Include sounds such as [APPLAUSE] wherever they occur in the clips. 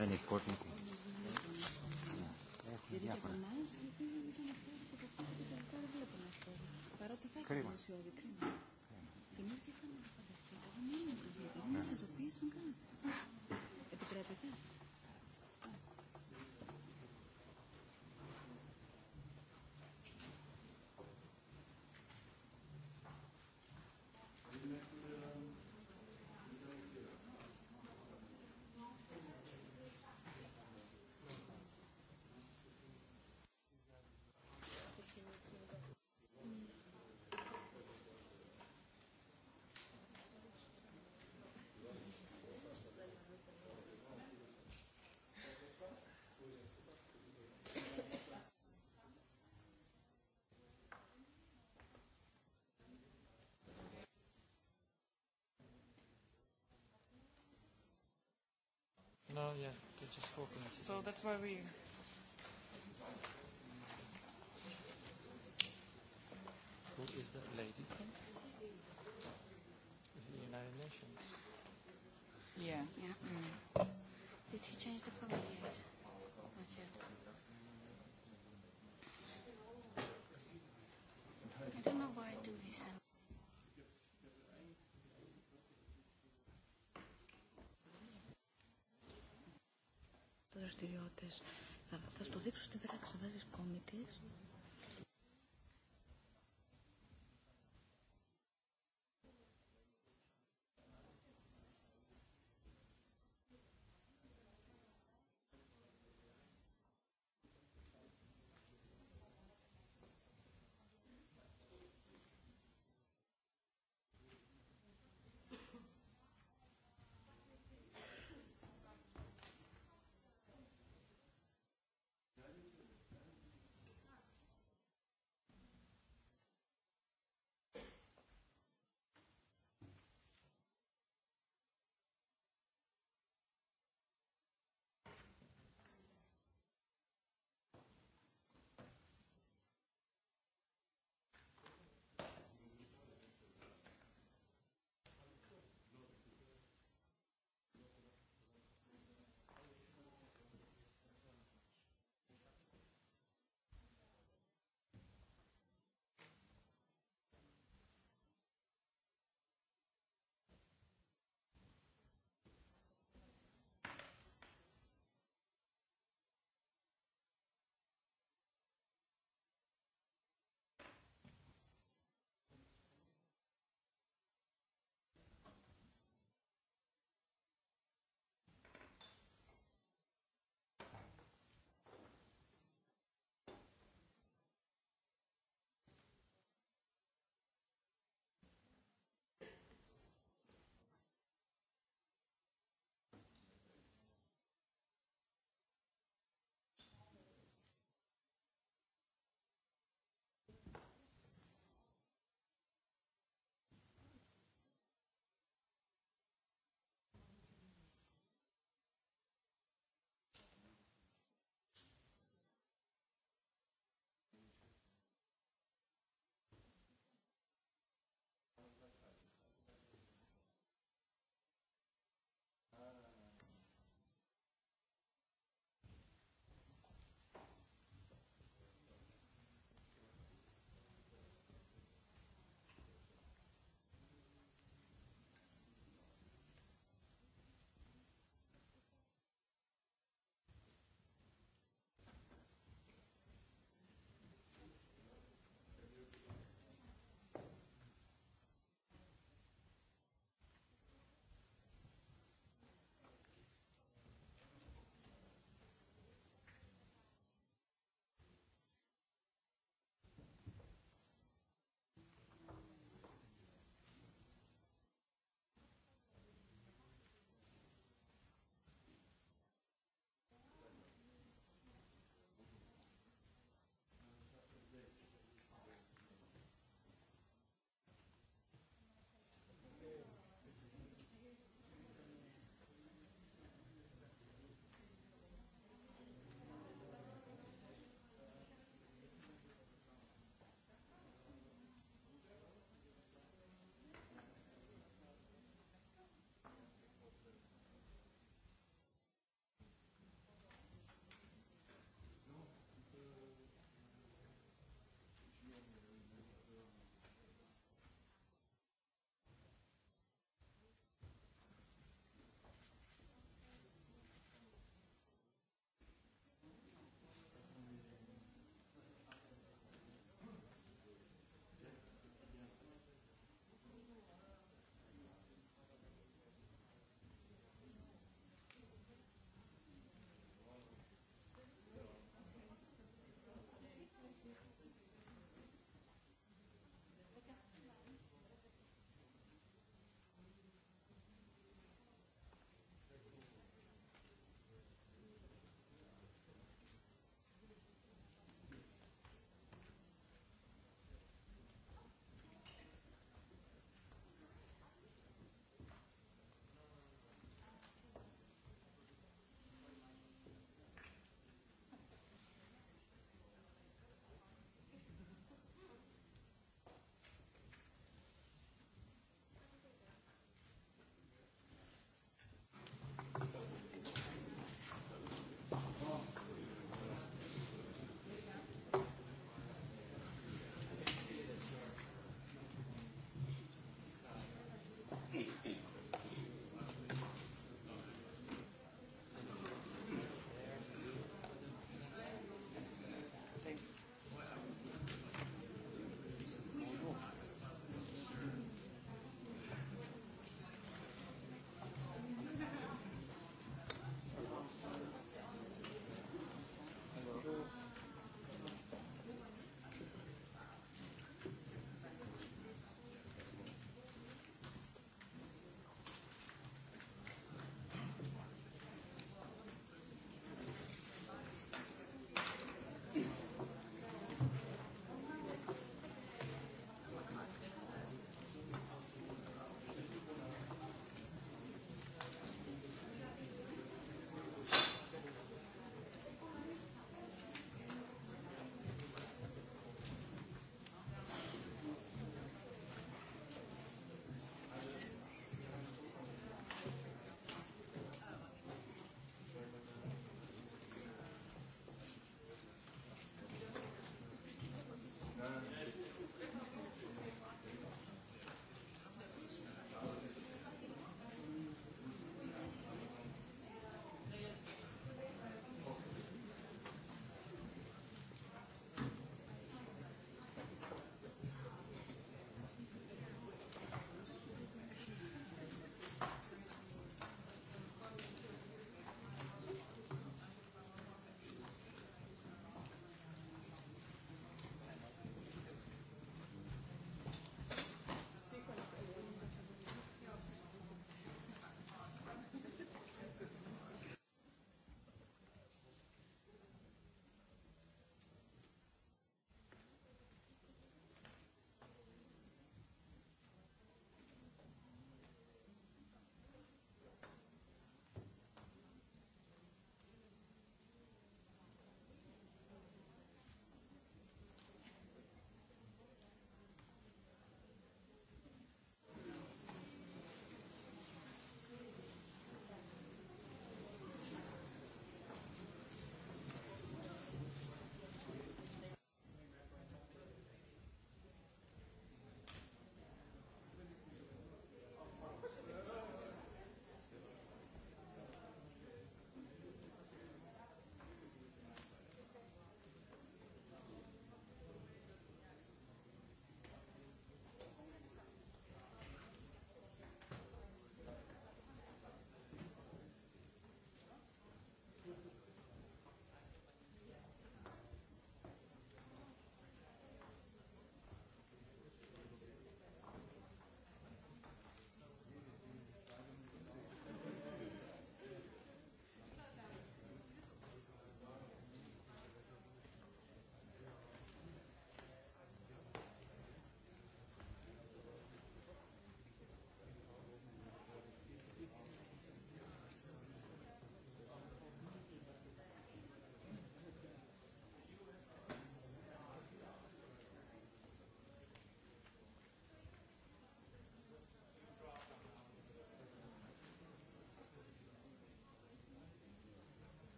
È important. Παρότι θα είχαμε ουσιώδη κρίμα. Εμεί είχαμε φανταστεί. Δεν είναι το βίντεο. Δεν μα ειδοποίησαν καν. Επιτρέπετε. Yeah, they just spoken. So that's why we. Who is that lady from? Is it the United Nations? Yeah. Yeah. Mm. Did he change the color? Yes. Not yet. I don't know why I do this. δραστηριότητε. Θα, θα στο δείξω στην πράξη, θα βάζεις τη.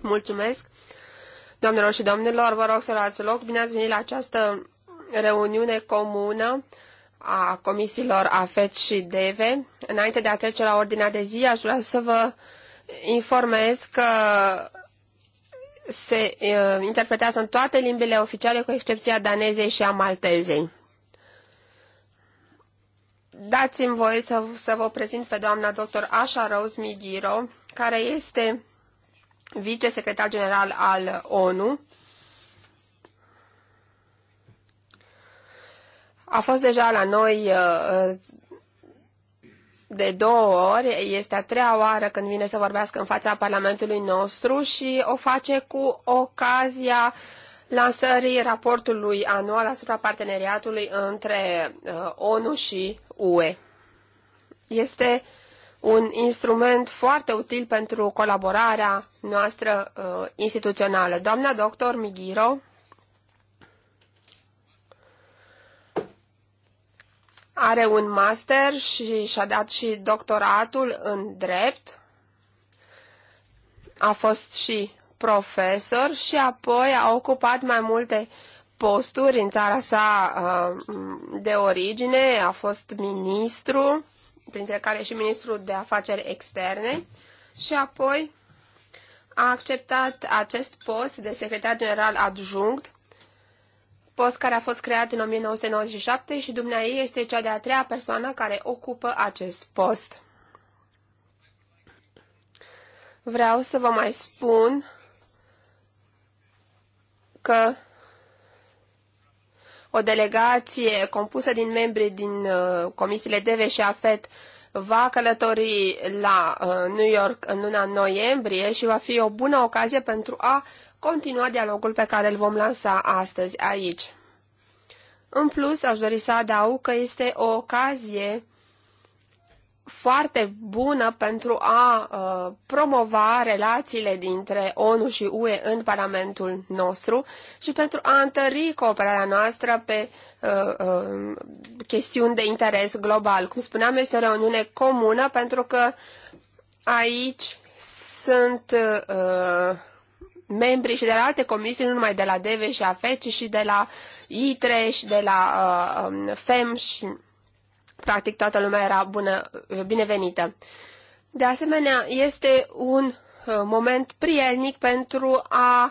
Mulțumesc. Doamnelor și domnilor, vă rog să luați loc. Bine ați venit la această reuniune comună a comisiilor AFET și DEVE. Înainte de a trece la ordinea de zi, aș vrea să vă informez că se uh, interpretează în toate limbile oficiale, cu excepția danezei și a maltezei. Dați-mi voie să, să vă prezint pe doamna dr. Asha Rose Migiro, care este vicesecretar general al ONU. A fost deja la noi uh, uh, de două ori, este a treia oară când vine să vorbească în fața Parlamentului nostru și o face cu ocazia lansării raportului anual asupra parteneriatului între uh, ONU și UE. Este uh, un instrument foarte util pentru colaborarea noastră uh, instituțională. Doamna doctor Migiro are un master și și-a dat și doctoratul în drept. A fost și profesor și apoi a ocupat mai multe posturi în țara sa uh, de origine, a fost ministru printre care și ministrul de afaceri externe, și apoi a acceptat acest post de secretar general adjunct, post care a fost creat în 1997 și dumneai este cea de-a treia persoană care ocupă acest post. Vreau să vă mai spun că o delegație compusă din membri din uh, comisiile DEVE și AFET va călători la uh, New York în luna noiembrie și va fi o bună ocazie pentru a continua dialogul pe care îl vom lansa astăzi aici. În plus, aș dori să adaug că este o ocazie foarte bună pentru a uh, promova relațiile dintre ONU și UE în Parlamentul nostru și pentru a întări cooperarea noastră pe uh, uh, chestiuni de interes global. Cum spuneam, este o reuniune comună pentru că aici sunt uh, membri și de la alte comisii, nu numai de la DV și AFEC, ci și de la ITRE și de la uh, FEM um, și practic toată lumea era bună, binevenită. De asemenea, este un uh, moment prielnic pentru a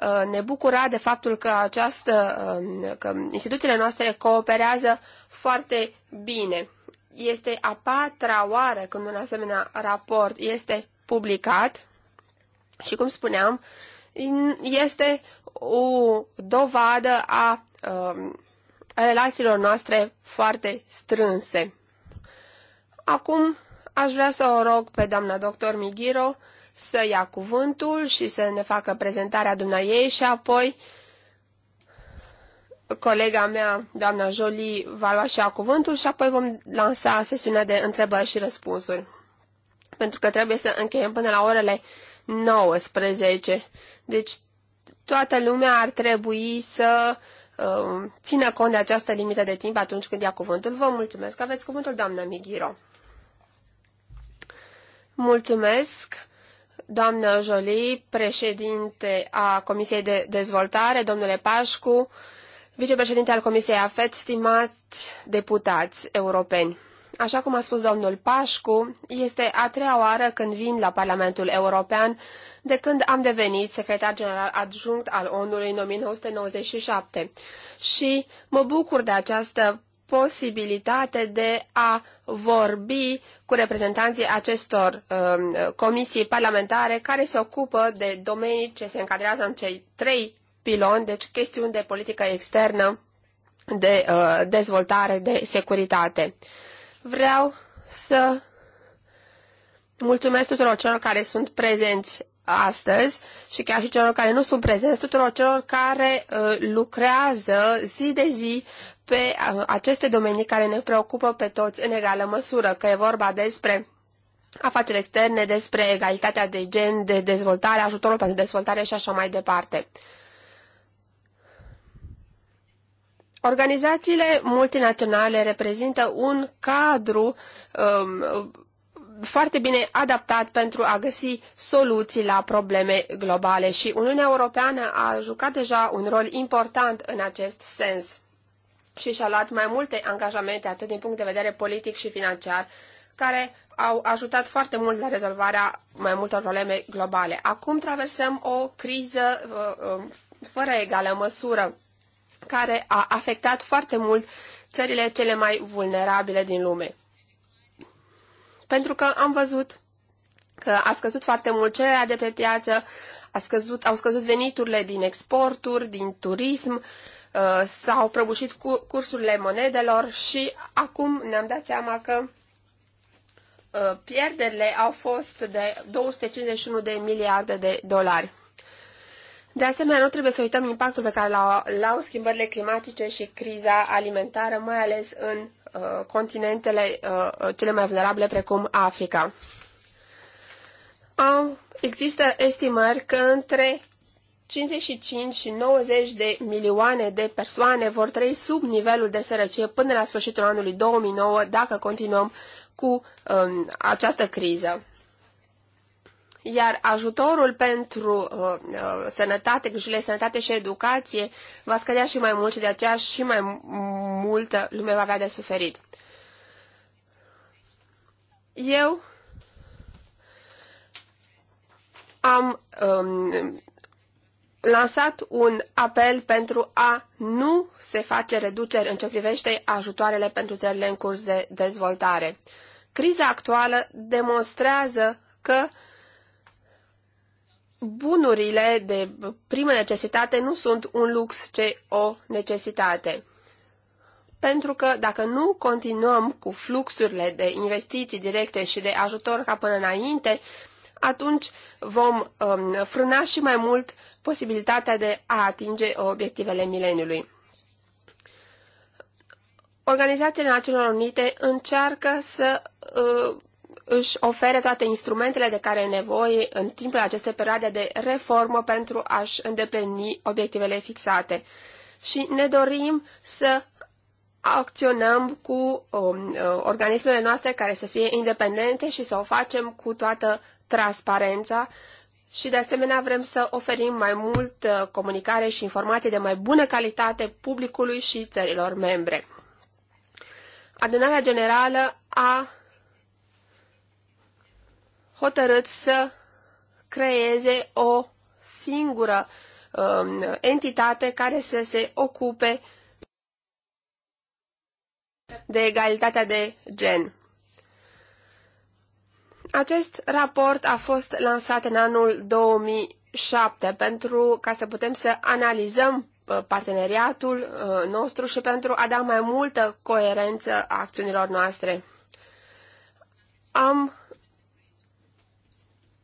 uh, ne bucura de faptul că, această, um, că instituțiile noastre cooperează foarte bine. Este a patra oară când un asemenea raport este publicat și, cum spuneam, este o dovadă a um, relațiilor noastre foarte strânse. Acum aș vrea să o rog pe doamna doctor Migiro să ia cuvântul și să ne facă prezentarea dumneai și apoi colega mea, doamna Jolie, va lua și ea cuvântul și apoi vom lansa sesiunea de întrebări și răspunsuri. Pentru că trebuie să încheiem până la orele 19. Deci toată lumea ar trebui să Uh, țină cont de această limită de timp atunci când ia cuvântul. Vă mulțumesc. Aveți cuvântul, doamnă Migiro. Mulțumesc, doamnă Joli, președinte a Comisiei de Dezvoltare, domnule Pașcu, vicepreședinte al Comisiei AFET, stimați deputați europeni. Așa cum a spus domnul Pașcu, este a treia oară când vin la Parlamentul European de când am devenit secretar general adjunct al ONU-ului în 1997 și mă bucur de această posibilitate de a vorbi cu reprezentanții acestor uh, comisii parlamentare care se ocupă de domenii ce se încadrează în cei trei piloni, deci chestiuni de politică externă, de uh, dezvoltare, de securitate. Vreau să mulțumesc tuturor celor care sunt prezenți astăzi și chiar și celor care nu sunt prezenți, tuturor celor care uh, lucrează zi de zi pe uh, aceste domenii care ne preocupă pe toți în egală măsură, că e vorba despre afaceri externe, despre egalitatea de gen, de dezvoltare, ajutorul pentru dezvoltare și așa mai departe. Organizațiile multinaționale reprezintă un cadru um, foarte bine adaptat pentru a găsi soluții la probleme globale și Uniunea Europeană a jucat deja un rol important în acest sens și și-a luat mai multe angajamente atât din punct de vedere politic și financiar care au ajutat foarte mult la rezolvarea mai multor probleme globale. Acum traversăm o criză uh, uh, fără egală măsură care a afectat foarte mult țările cele mai vulnerabile din lume. Pentru că am văzut că a scăzut foarte mult cererea de pe piață, a scăzut, au scăzut veniturile din exporturi, din turism, uh, s-au prăbușit cu cursurile monedelor și acum ne-am dat seama că uh, pierderile au fost de 251 de miliarde de dolari. De asemenea, nu trebuie să uităm impactul pe care l-au schimbările climatice și criza alimentară, mai ales în uh, continentele uh, cele mai vulnerabile, precum Africa. Au, există estimări că între 55 și 90 de milioane de persoane vor trăi sub nivelul de sărăcie până la sfârșitul anului 2009 dacă continuăm cu um, această criză iar ajutorul pentru uh, uh, sănătate, grijile sănătate și educație va scădea și mai mult și de aceea și mai multă lume va avea de suferit. Eu am um, lansat un apel pentru a nu se face reduceri în ce privește ajutoarele pentru țările în curs de dezvoltare. Criza actuală demonstrează că uh, bunurile de primă necesitate nu sunt un lux, ci o necesitate. Pentru că dacă nu continuăm cu fluxurile de investiții directe și de ajutor ca până înainte, atunci vom um, frâna și mai mult posibilitatea de a atinge obiectivele mileniului. Organizațiile Națiunilor Unite încearcă să uh, își ofere toate instrumentele de care e nevoie în timpul acestei perioade de reformă pentru a-și îndeplini obiectivele fixate. Și ne dorim să acționăm cu um, uh, organismele noastre care să fie independente și să o facem cu toată transparența și de asemenea vrem să oferim mai mult uh, comunicare și informații de mai bună calitate publicului și țărilor membre. Adunarea Generală a hotărât să creeze o singură um, entitate care să se ocupe de egalitatea de gen. Acest raport a fost lansat în anul 2007 pentru ca să putem să analizăm uh, parteneriatul uh, nostru și pentru a da mai multă coerență a acțiunilor noastre. Am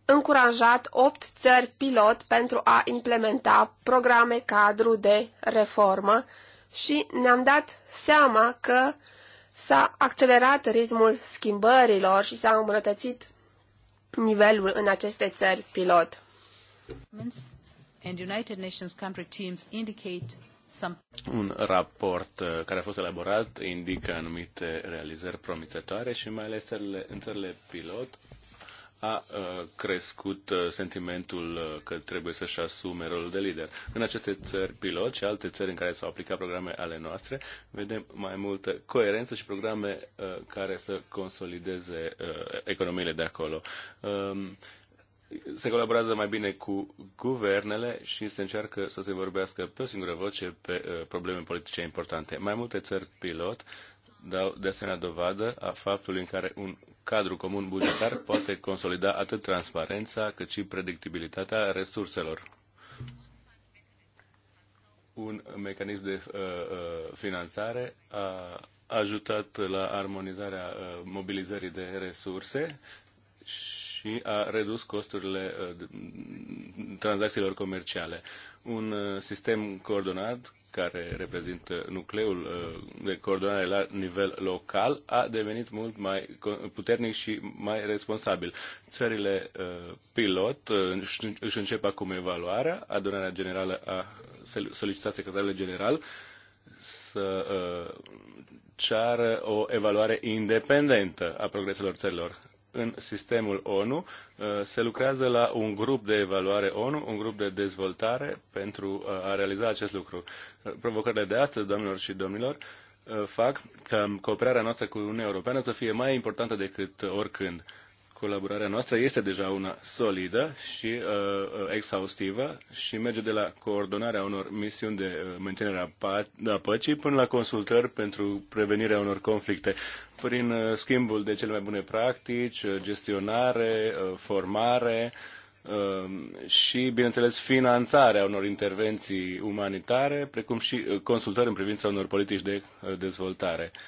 încurajat opt țări pilot pentru a implementa programe cadru de reformă și ne-am dat seama că s-a accelerat ritmul schimbărilor și s-a îmbunătățit nivelul în aceste țări pilot. Un raport uh, care a fost elaborat indică anumite realizări promițătoare și mai ales în țările pilot a crescut uh, sentimentul uh, că trebuie să-și asume rolul de lider. În aceste țări pilot și alte țări în care s-au aplicat programe ale noastre, vedem mai multă coerență și programe uh, care să consolideze economiile de acolo um, se colaborează mai bine cu guvernele și se încearcă să se vorbească pe o singură voce pe probleme politice importante. Mai multe țări pilot dau de asemenea dovadă a faptului în care un cadru comun bugetar poate consolida atât transparența cât și predictibilitatea resurselor. Un mecanism de uh, uh, finanțare a ajutat la armonizarea uh, mobilizării de resurse și a redus costurile tranzacțiilor comerciale. Un sistem coordonat care reprezintă nucleul uh, de coordonare la nivel local, a devenit mult mai puternic și mai responsabil. Țările uh, pilot uh, își încep acum evaluarea, adunarea generală a solicitat secretarul general să ceară o evaluare independentă a progreselor țărilor în sistemul ONU. Uh, se lucrează la un grup de evaluare ONU, un grup de dezvoltare pentru uh, a realiza acest lucru. Uh, provocările de astăzi, domnilor și domnilor, fac ca cooperarea noastră cu Uniunea Europeană să fie mai importantă decât oricând colaborarea noastră este deja una solidă și uh, uh, exhaustivă și merge de la coordonarea unor misiuni de uh, menținere a, a păcii până la consultări pentru prevenirea unor conflicte prin uh, schimbul de cele mai bune practici, uh, gestionare, uh, formare uh, și, bineînțeles, finanțarea unor intervenții umanitare, precum și consultări în privința unor politici de dezvoltare. Uh,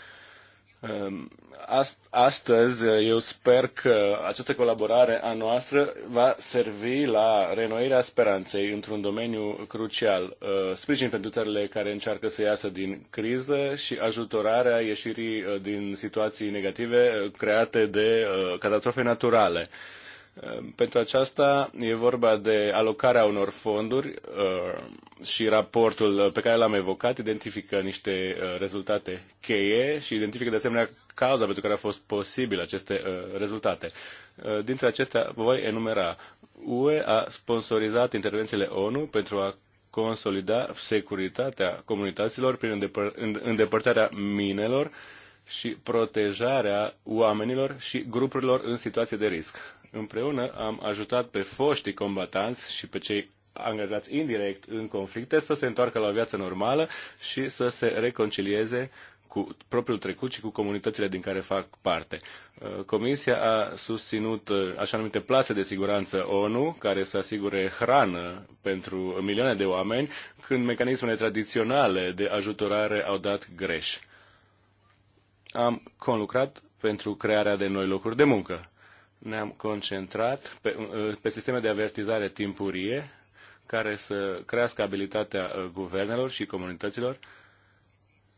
Ehm, astăzi eh, eu sper că această colaborare a noastră va servi la renoirea speranței într-un domeniu crucial. Eh, sprijin pentru țările care încearcă să iasă din criză și ajutorarea ieșirii eh, din situații negative create de catastrofe naturale. Ehm, pentru aceasta e vorba de alocarea unor fonduri ehm, și raportul eh, pe care l-am evocat identifică niște eh, rezultate cheie și identifică de asemenea cauza pentru care au fost posibile aceste eh, rezultate. Dintre acestea voi enumera. UE a sponsorizat intervențiile ONU pentru a consolida securitatea comunităților prin îndepărtarea minelor și protejarea oamenilor și grupurilor în situație de risc. Împreună am ajutat pe foștii combatanți și pe cei angajați indirect în conflicte să se întoarcă la o viață normală și să se reconcilieze cu propriul trecut și cu comunitățile din care fac parte. Uh, Comisia a susținut uh, așa numite plase de siguranță ONU, care să asigure hrană pentru milioane de oameni, când mecanismele tradiționale de ajutorare au dat greș. Am conlucrat pentru crearea de noi locuri de muncă ne-am concentrat pe, pe sisteme de avertizare timpurie care să crească abilitatea uh, guvernelor și comunităților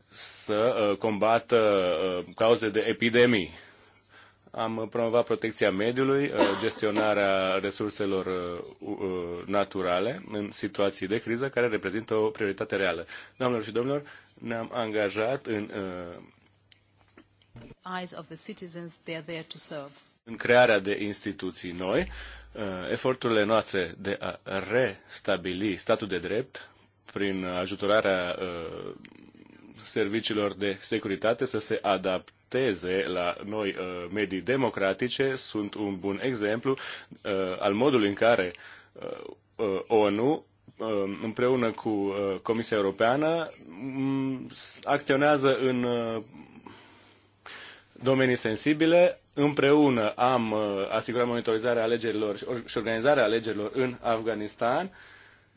să uh, combată uh, cauze de epidemii. Am promovat protecția mediului, gestionarea resurselor naturale în situații de criză care reprezintă o prioritate reală. Doamnelor și domnilor, ne-am angajat în eyes of the citizens they are there to serve în crearea de instituții noi, uh, eforturile noastre de a restabili statul de drept prin ajutorarea uh, serviciilor de securitate să se adapteze la noi uh, medii democratice sunt un bun exemplu al modului în care ONU împreună cu Comisia Europeană mm, acționează în domenii sensibile împreună am uh, asigurat monitorizarea alegerilor și organizarea alegerilor în Afganistan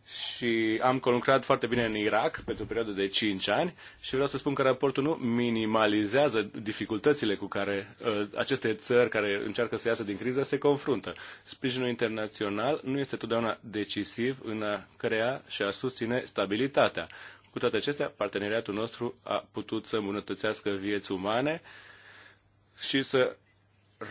și am conlucrat foarte bine în Irak pentru o perioadă de 5 ani și vreau să spun că raportul nu minimalizează dificultățile cu care uh, aceste țări care încearcă să iasă din criză se confruntă. Sprijinul internațional nu este totdeauna decisiv în a crea și a susține stabilitatea. Cu toate acestea, parteneriatul nostru a putut să îmbunătățească vieți umane și să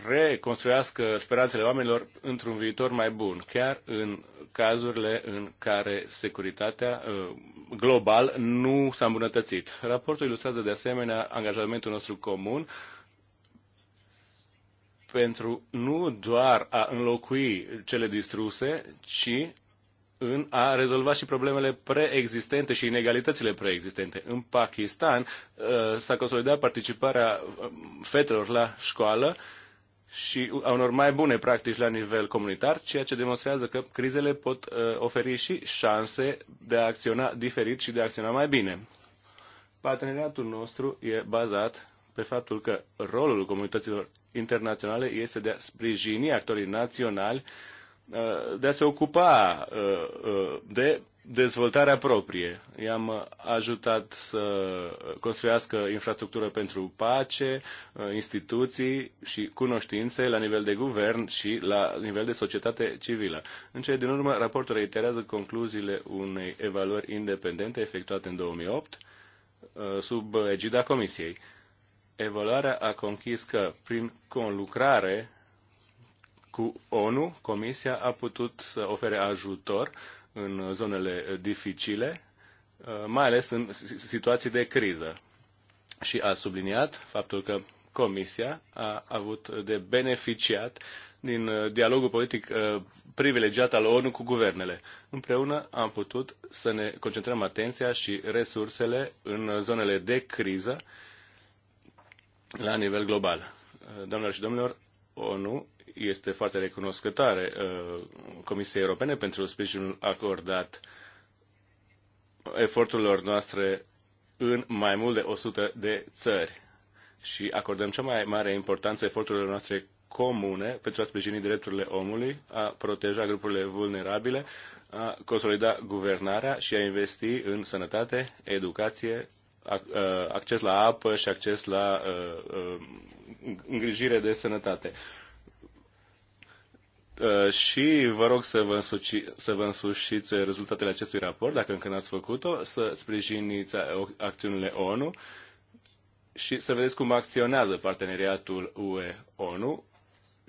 reconstruiască speranțele oamenilor într-un viitor mai bun, chiar în cazurile în care securitatea uh, global nu s-a îmbunătățit. Raportul ilustrează de asemenea angajamentul nostru comun pentru nu doar a înlocui cele distruse, ci în a rezolva și problemele preexistente și inegalitățile preexistente. În Pakistan uh, s-a consolidat participarea uh, fetelor la școală și a unor mai bune practici la nivel comunitar, ceea ce demonstrează că crizele pot uh, oferi și șanse de a acționa diferit și de a acționa mai bine. Parteneriatul nostru e bazat pe faptul că rolul comunităților internaționale este de a sprijini actorii naționali uh, de a se ocupa uh, de dezvoltarea proprie. I-am ajutat să construiască infrastructură pentru pace, uh, instituții și cunoștințe la nivel de guvern și la nivel de societate civilă. În cele din urmă, raportul reiterează concluziile unei evaluări independente efectuate în 2008 uh, sub egida Comisiei. Evaluarea a conchis că prin conlucrare cu ONU, Comisia a putut să ofere ajutor în zonele eh, dificile, eh, mai ales în situații de criză. Și a subliniat faptul că Comisia a avut de beneficiat din eh, dialogul politic privilegiat al ONU cu guvernele. Împreună am putut să ne concentrăm atenția și resursele în zonele de criză la nivel global. Doamnelor și domnilor, ONU este foarte recunoscătoare uh, Comisiei Europene pentru sprijinul acordat eforturilor noastre în mai mult de 100 de țări și acordăm cea mai mare importanță eforturilor noastre comune pentru a sprijini drepturile omului, a proteja grupurile vulnerabile, a consolida guvernarea și a investi în sănătate, educație, uh, acces la apă și acces la uh, îngrijire de sănătate. Uh, și vă rog să vă, însuci, să vă însușiți rezultatele acestui raport, dacă încă n-ați făcut-o, să sprijiniți acțiunile ONU și să vedeți cum acționează parteneriatul UE-ONU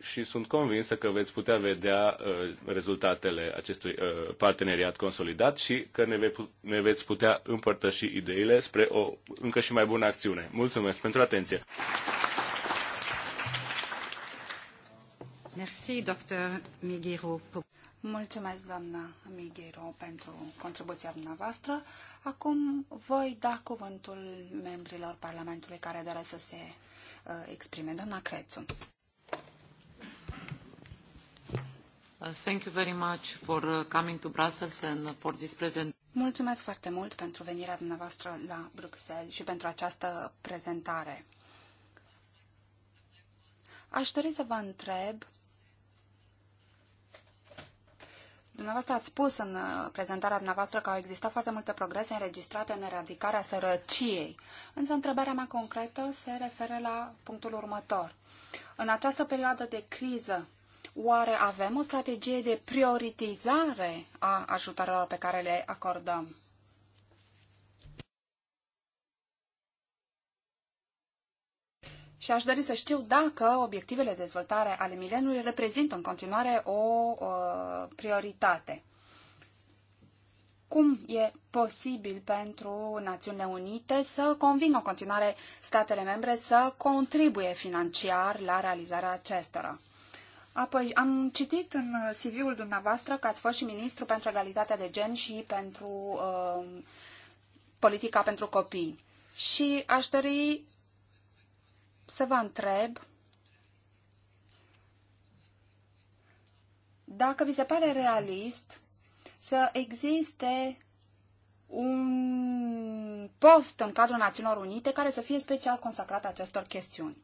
și sunt convinsă că veți putea vedea uh, rezultatele acestui uh, parteneriat consolidat și că ne, ve- ne veți putea împărtăși ideile spre o încă și mai bună acțiune. Mulțumesc pentru atenție! Merci, Migiro. Mulțumesc, doamna Migiro, pentru contribuția dumneavoastră. Acum voi da cuvântul membrilor Parlamentului care doresc să se uh, exprime. Doamna Crețu. Uh, thank you very much for uh, coming to Brussels and for this present. Mulțumesc foarte mult pentru venirea dumneavoastră la Bruxelles și pentru această prezentare. Aș dori să vă întreb Dumneavoastră ați spus în uh, prezentarea dumneavoastră că au existat foarte multe progrese înregistrate în eradicarea sărăciei. Însă întrebarea mea concretă se referă la punctul următor. În această perioadă de criză, oare avem o strategie de prioritizare a ajutorilor pe care le acordăm? și aș dori să știu dacă obiectivele de dezvoltare ale mileniului reprezintă în continuare o, uh, prioritate. Cum e posibil pentru Națiunile Unite să convingă în continuare statele membre să contribuie financiar la realizarea acestora? Apoi, am citit în CV-ul dumneavoastră că ați fost și ministru pentru egalitatea de gen și pentru uh, politica pentru copii. Și aș dori să vă întreb dacă vi se pare realist să existe un post în cadrul Națiunilor Unite care să fie special consacrat acestor chestiuni.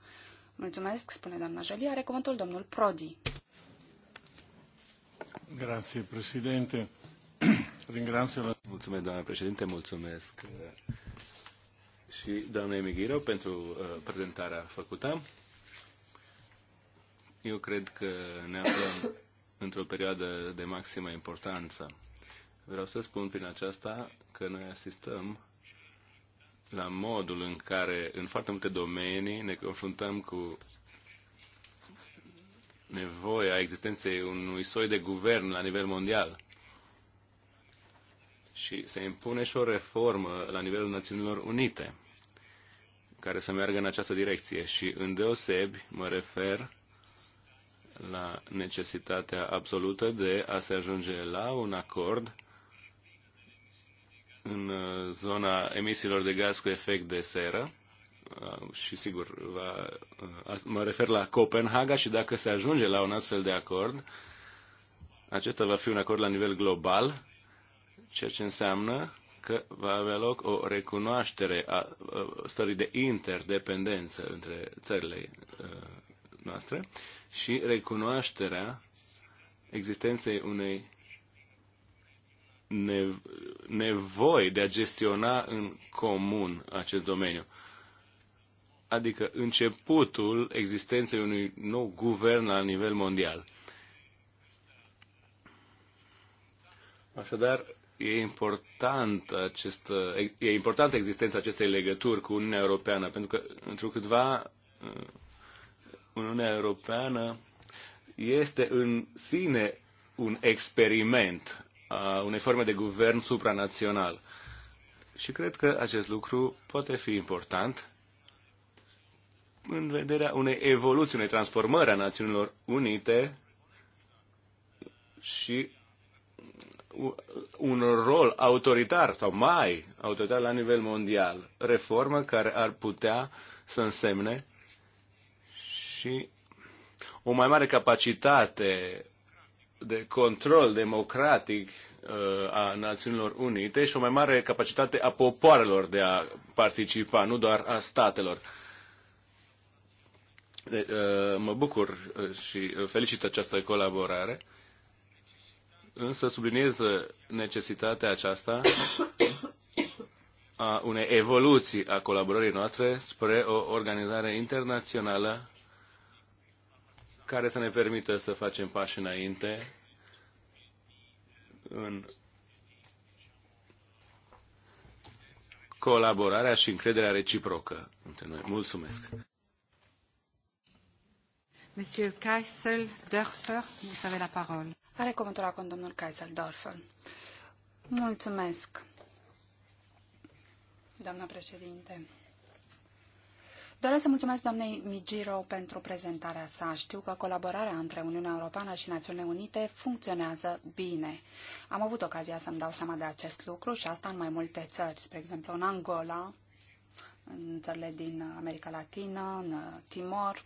Mulțumesc, spune doamna Jolie. Are cuvântul domnul Prodi. Grazie, președinte. [CLEARS THROAT] Ringrazio la... Mulțumesc, doamna președinte. Mulțumesc și doamnei Mighiro pentru uh, prezentarea făcută. Eu cred că ne aflăm [COUGHS] într-o perioadă de maximă importanță. Vreau să spun prin aceasta că noi asistăm la modul în care în foarte multe domenii ne confruntăm cu nevoia existenței unui soi de guvern la nivel mondial și se impune și o reformă la nivelul Națiunilor Unite care să meargă în această direcție și îndeosebi mă refer la necesitatea absolută de a se ajunge la un acord în uh, zona emisiilor de gaz cu efect de seră uh, și sigur va, uh, mă refer la Copenhaga și dacă se ajunge la un astfel de acord acesta va fi un acord la nivel global ceea ce înseamnă că va avea loc o recunoaștere a stării de interdependență între țările noastre și recunoașterea existenței unei nevoi de a gestiona în comun acest domeniu. Adică începutul existenței unui nou guvern la nivel mondial. Așadar, e important, acest, e importantă existența acestei legături cu Uniunea Europeană, pentru că, întrucâtva, Uniunea Europeană este în sine un experiment a unei forme de guvern supranațional. Și cred că acest lucru poate fi important în vederea unei evoluții, unei transformări a Națiunilor Unite și un rol autoritar sau mai autoritar la nivel mondial. Reformă care ar putea să însemne și o mai mare capacitate de control democratic uh, a Națiunilor Unite și o mai mare capacitate a popoarelor de a participa, nu doar a statelor. De, uh, mă bucur uh, și felicit această colaborare însă subliniez necesitatea aceasta a unei evoluții a colaborării noastre spre o organizare internațională care să ne permită să facem pași înainte în colaborarea și încrederea reciprocă între noi. Mulțumesc! Monsieur Kaisel Dörfer, vous avez la parole. Are cuvântul acum domnul Kaiseldorfer. Mulțumesc, doamna președinte. Doresc să mulțumesc doamnei Migiro pentru prezentarea sa. Știu că colaborarea între Uniunea Europeană și Națiunile Unite funcționează bine. Am avut ocazia să-mi dau seama de acest lucru și asta în mai multe țări, spre exemplu în Angola, în țările din America Latină, în Timor.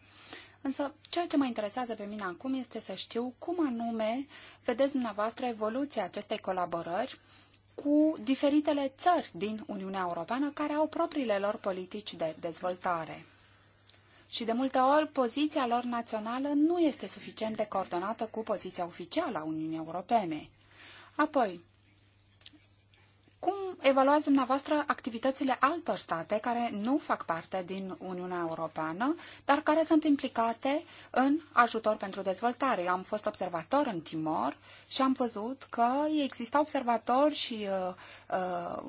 Însă, ceea ce mă interesează pe mine acum este să știu cum anume vedeți dumneavoastră evoluția acestei colaborări cu diferitele țări din Uniunea Europeană care au propriile lor politici de dezvoltare. Și de multe ori poziția lor națională nu este suficient de coordonată cu poziția oficială a Uniunii Europene. Apoi, cum evaluați dumneavoastră activitățile altor state care nu fac parte din Uniunea Europeană, dar care sunt implicate în ajutor pentru dezvoltare? Am fost observator în Timor și am văzut că exista observatori și uh, uh,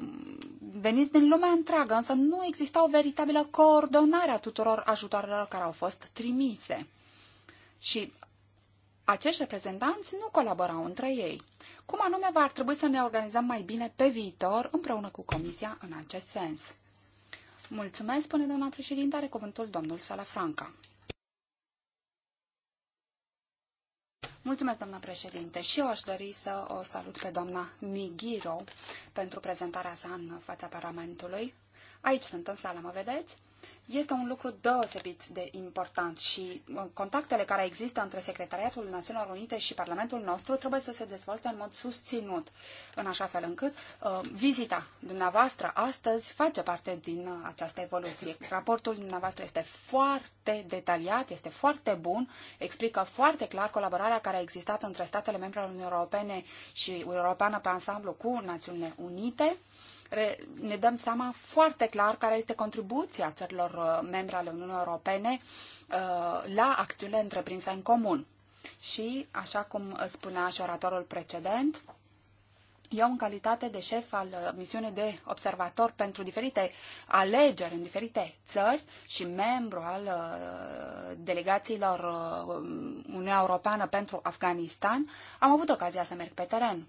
veniți din lumea întreagă, însă nu exista o veritabilă coordonare a tuturor ajutoarelor care au fost trimise. Și acești reprezentanți nu colaborau între ei. Cum anume va ar trebui să ne organizăm mai bine pe viitor împreună cu Comisia în acest sens? Mulțumesc, spune doamna președinte, are cuvântul domnul Salafranca. Mulțumesc, doamna președinte. Și eu aș dori să o salut pe doamna Migiro pentru prezentarea sa în fața Parlamentului. Aici sunt în sală, mă vedeți? este un lucru deosebit de important și uh, contactele care există între Secretariatul Națiunilor Unite și Parlamentul nostru trebuie să se dezvolte în mod susținut, în așa fel încât uh, vizita dumneavoastră astăzi face parte din uh, această evoluție. Raportul dumneavoastră este foarte detaliat, este foarte bun, explică foarte clar colaborarea care a existat între statele membre ale Uniunii Europene și Europeană pe ansamblu cu Națiunile Unite. Uh, ne dăm seama foarte clar care este contribuția țărilor uh, membre ale Uniunii Europene uh, la acțiunile întreprinse în comun. Și, așa cum uh, spunea și oratorul precedent, eu, în calitate de șef al misiunii de observator pentru diferite alegeri în diferite țări și membru al delegațiilor Uniunea Europeană pentru Afganistan, am avut ocazia să merg pe teren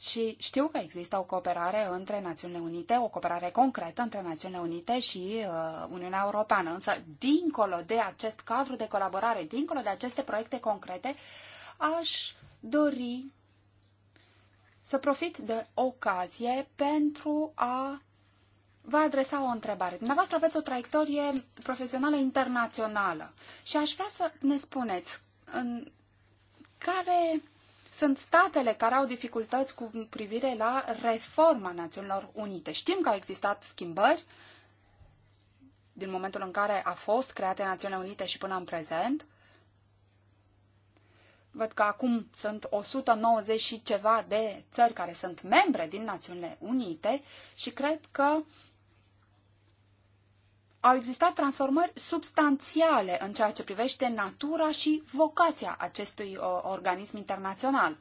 și știu că există o cooperare între Națiunile Unite, o cooperare concretă între Națiunile Unite și uh, Uniunea Europeană, însă dincolo de acest cadru de colaborare, dincolo de aceste proiecte concrete, aș dori să profit de ocazie pentru a vă adresa o întrebare. Dumneavoastră aveți o traiectorie profesională internațională și aș vrea să ne spuneți în care sunt statele care au dificultăți cu privire la reforma Națiunilor Unite. Știm că au existat schimbări din momentul în care a fost create Națiunile Unite și până în prezent. Văd că acum sunt 190 și ceva de țări care sunt membre din Națiunile Unite și cred că au existat transformări substanțiale în ceea ce privește natura și vocația acestui uh, organism internațional.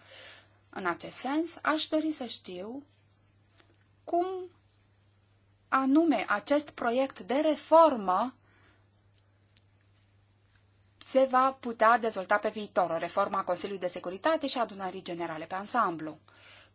În acest sens, aș dori să știu cum anume acest proiect de reformă se va putea dezvolta pe viitor, reforma Consiliului de Securitate și adunării generale pe ansamblu.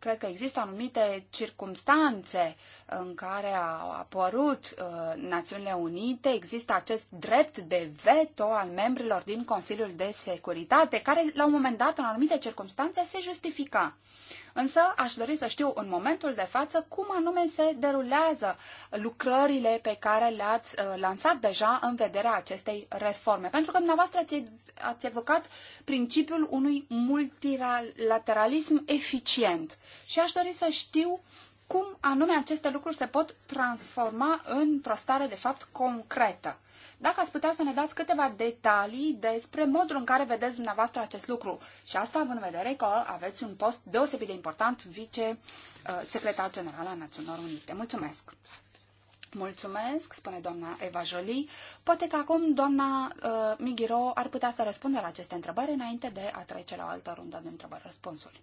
Cred că există anumite circumstanțe în care au apărut uh, Națiunile Unite, există acest drept de veto al membrilor din Consiliul de Securitate, care la un moment dat, în anumite circumstanțe, se justifica. Uh, Însă aș dori să știu în momentul de față cum anume se derulează lucrările pe care le-ați uh, lansat deja în vederea acestei reforme. Pentru că dumneavoastră ați, ați evocat principiul unui multilateralism eficient. Și aș dori să știu uh, cum anume aceste lucruri se pot transforma într-o stare de fapt concretă. Dacă ați putea să ne dați câteva detalii despre modul în care vedeți dumneavoastră acest lucru. Și asta având în vedere că aveți un post deosebit de important, vice-secretar uh, general al Națiunilor Unite. Mulțumesc! Mulțumesc, spune doamna Eva Jolie. Poate că acum doamna uh, Migiro ar putea să răspundă la aceste întrebări înainte de a trece la o altă rundă de întrebări-răspunsuri.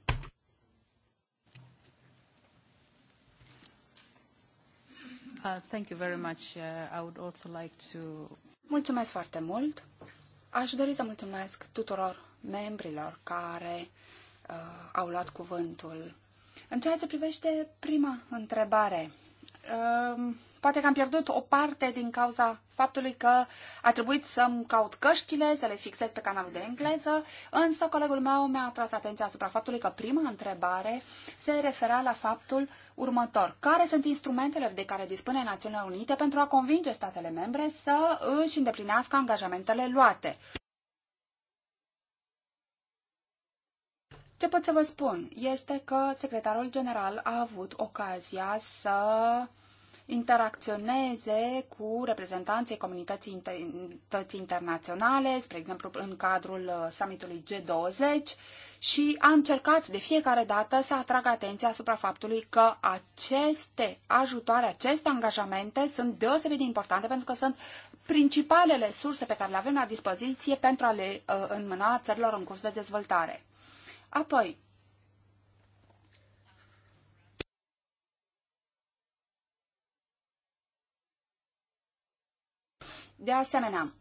Uh, thank you very much. Uh, I would also like to... Mulțumesc foarte mult. Aș dori să mulțumesc tuturor membrilor care uh, au luat cuvântul. În ceea ce privește prima întrebare, Ehm, poate că am pierdut o parte din cauza faptului că a trebuit să-mi caut căștile, să le fixez pe canalul de engleză, însă colegul meu mi-a atras atenția asupra faptului că prima întrebare se refera la faptul următor. Care sunt instrumentele de care dispune Națiunile Unite pentru a convinge statele membre să își îndeplinească angajamentele luate? Ce pot să vă spun este că secretarul general a avut ocazia să interacționeze cu reprezentanții comunității internaționale, spre exemplu în cadrul uh, summitului G20 și a încercat de fiecare dată să atragă atenția asupra faptului că aceste ajutoare, aceste angajamente sunt deosebit de importante pentru că sunt principalele surse pe care le avem la dispoziție pentru a le uh, înmâna țărilor în curs de dezvoltare. Apoi, de asemenea,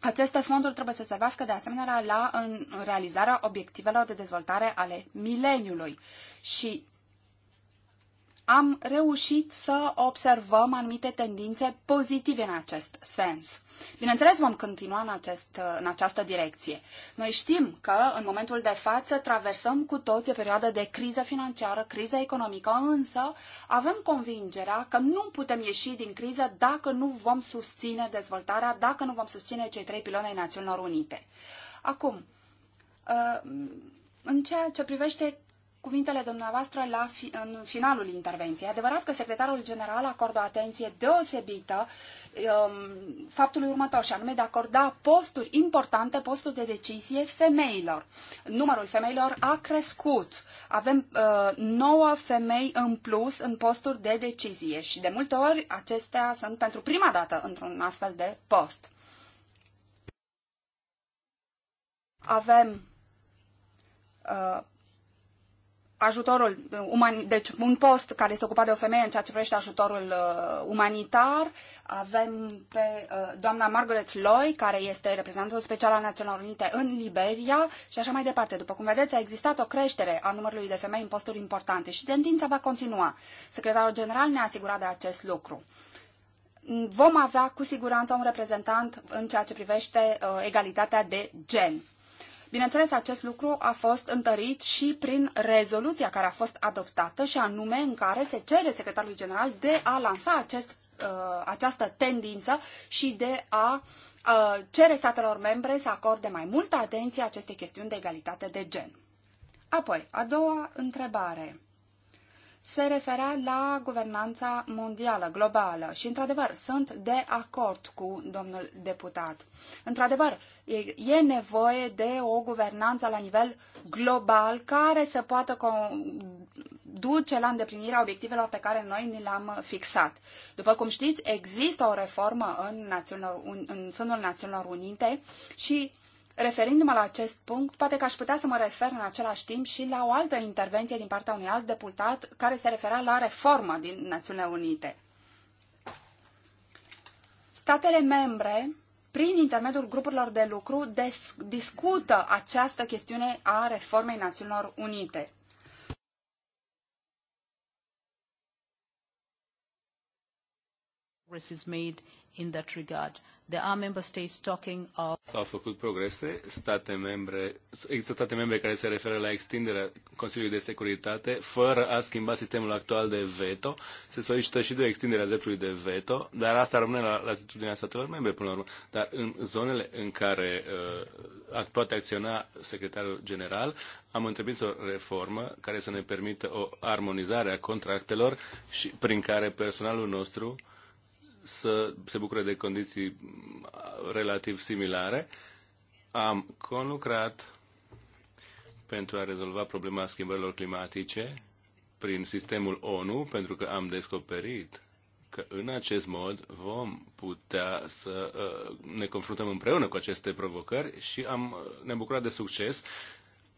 aceste fonduri trebuie să servească de asemenea la în realizarea obiectivelor de dezvoltare ale mileniului și am reușit să observăm anumite tendințe pozitive în acest sens. Bineînțeles, vom continua în, acest, în această direcție. Noi știm că, în momentul de față, traversăm cu toți o perioadă de criză financiară, criză economică, însă avem convingerea că nu putem ieși din criză dacă nu vom susține dezvoltarea, dacă nu vom susține cei trei piloni ai Națiunilor Unite. Acum, în ceea ce privește cuvintele dumneavoastră la fi, în finalul intervenției. E adevărat că secretarul general acordă o atenție deosebită um, faptului următor, și anume de a acorda posturi importante, posturi de decizie femeilor. Numărul femeilor a crescut. Avem uh, nouă femei în plus în posturi de decizie și de multe ori acestea sunt pentru prima dată într-un astfel de post. Avem uh, ajutorul uh, uman, deci un post care este ocupat de o femeie în ceea ce privește ajutorul uh, umanitar. Avem pe uh, doamna Margaret Loy, care este reprezentantul special al Națiunilor Unite în Liberia și așa mai departe. După cum vedeți, a existat o creștere a numărului de femei în posturi importante și tendința va continua. Secretarul general ne-a asigurat de acest lucru vom avea cu siguranță un reprezentant în ceea ce privește uh, egalitatea de gen. Bineînțeles, acest lucru a fost întărit și prin rezoluția care a fost adoptată și anume în care se cere secretarului general de a lansa acest, uh, această tendință și de a uh, cere statelor membre să acorde mai multă atenție acestei chestiuni de egalitate de gen. Apoi, a doua întrebare se referea la guvernanța mondială, globală și, într-adevăr, sunt de acord cu domnul deputat. Într-adevăr, e nevoie de o guvernanță la nivel global care să poată duce la îndeplinirea obiectivelor pe care noi ni le-am fixat. După cum știți, există o reformă în, Națiunilor, în sânul Națiunilor Unite și referindu-mă la acest punct, poate că aș putea să mă refer în același timp și la o altă intervenție din partea unui alt deputat care se refera la reformă din Națiunile Unite. Statele membre, prin intermediul grupurilor de lucru, discută această chestiune a reformei Națiunilor Unite. is made in that regard are member states talking of... S-au făcut progrese, state membre, există state membre care se referă la extinderea Consiliului de Securitate fără a schimba sistemul actual de veto. Se solicită și de extinderea dreptului de veto, dar asta rămâne la latitudinea statelor membre până la urmă. Dar în zonele în care uh, poate acționa secretarul general, am întreprins o reformă care să ne permită o armonizare a contractelor și prin care personalul nostru uh, să se bucure de condiții relativ similare. Am conlucrat pentru a rezolva problema schimbărilor climatice prin sistemul ONU, pentru că am descoperit că în acest mod vom putea să uh, ne confruntăm împreună cu aceste provocări și am, uh, ne-am bucurat de succes,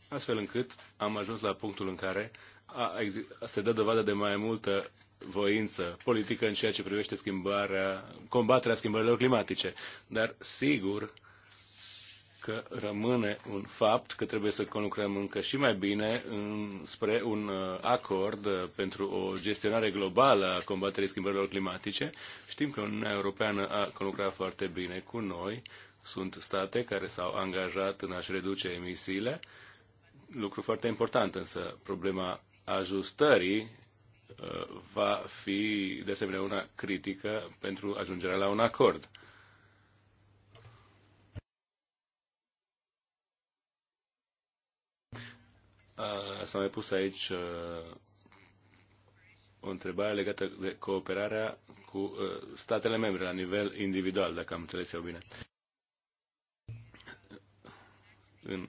astfel încât am ajuns la punctul în care a, se dă dovadă de mai multă voință politică în ceea ce privește schimbarea, combaterea schimbărilor climatice. Dar sigur că rămâne un fapt că trebuie să conlucrăm încă și mai bine spre un uh, acord uh, pentru o gestionare globală a combaterii schimbărilor climatice. Știm că Uniunea Europeană a conlucrat foarte bine cu noi. Sunt state care s-au angajat în a-și reduce emisiile. Lucru foarte important, însă problema ajustării va fi de asemenea una critică pentru ajungerea la un acord. S-a mai pus aici o întrebare legată de cooperarea cu statele membre la nivel individual, dacă am înțeles eu bine. În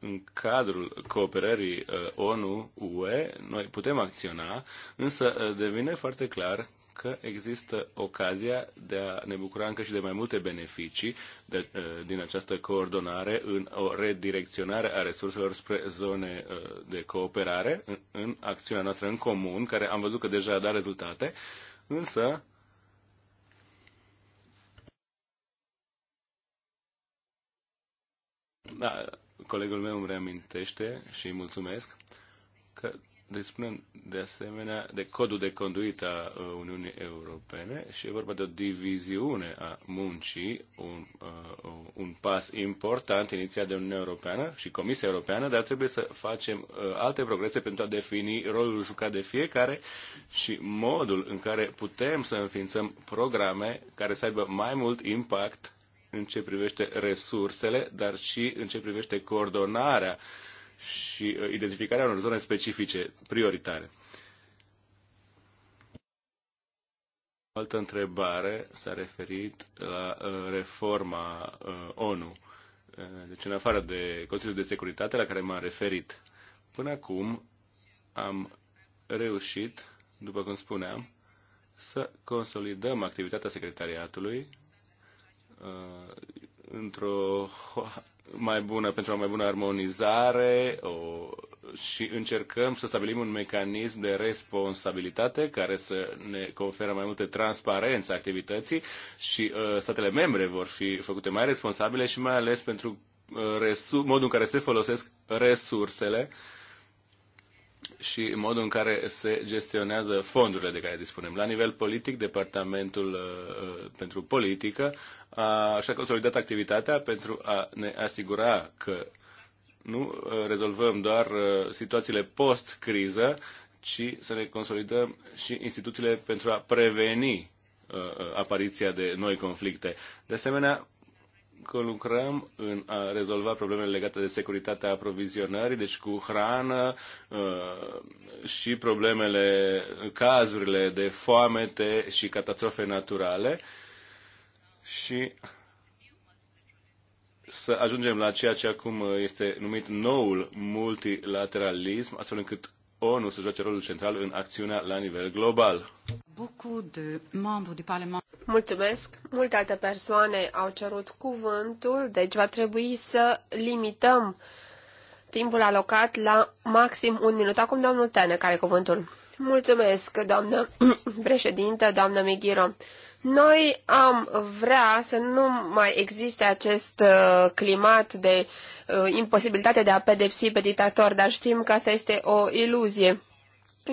în cadrul cooperării uh, ONU-UE noi putem acționa, însă uh, devine foarte clar că există ocazia de a ne bucura încă și de mai multe beneficii de, uh, din această coordonare în o redirecționare a resurselor spre zone de cooperare în, în acțiunea noastră în comun, care am văzut că deja a dat rezultate, însă da, colegul meu îmi reamintește și îi mulțumesc că dispunem de asemenea de codul de conduită a uh, Uniunii Europene și e vorba de o diviziune a muncii, un, uh, un pas important inițiat de Uniunea Europeană și Comisia Europeană, dar trebuie să facem uh, alte progrese pentru a defini rolul jucat de fiecare și modul în care putem să înființăm programe care să aibă mai mult impact în ce privește resursele, dar și în ce privește coordonarea și uh, identificarea unor zone specifice, prioritare. O altă întrebare s-a referit la uh, reforma uh, ONU, deci în afară de Consiliul de Securitate la care m-am referit. Până acum am reușit, după cum spuneam, să consolidăm activitatea secretariatului Uh, într-o [LAUGHS] mai bună, pentru o mai bună armonizare o, și încercăm să stabilim un mecanism de responsabilitate care să ne conferă mai multe transparență activității și uh, statele membre vor fi făcute mai responsabile și mai ales pentru uh, modul în care se folosesc resursele uh, și modul în care se gestionează fondurile de care dispunem. La nivel politic, Departamentul uh, uh pentru Politică a, și-a consolidat activitatea pentru a ne asigura că nu uh, rezolvăm doar uh, situațiile post-criză, ci să ne consolidăm și instituțiile pentru a preveni apariția de noi conflicte. De asemenea, lucrăm în a rezolva problemele legate de securitatea aprovizionării, deci cu hrană uh, și problemele, cazurile de foamete și catastrofe naturale și să ajungem la ceea ce acum este numit noul multilateralism, astfel încât ONU să joace rolul central în acțiunea la nivel global. Mulțumesc! Multe alte persoane au cerut cuvântul, deci va trebui să limităm uh, timpul alocat la maxim un minut. Acum domnul Tene, care cuvântul. Mulțumesc, doamnă [CLEARS THROAT] președintă, doamnă Migiro. Noi am vrea să nu mai existe acest uh, climat de uh, imposibilitate de a pedepsi pe dictator, dar știm că asta este o iluzie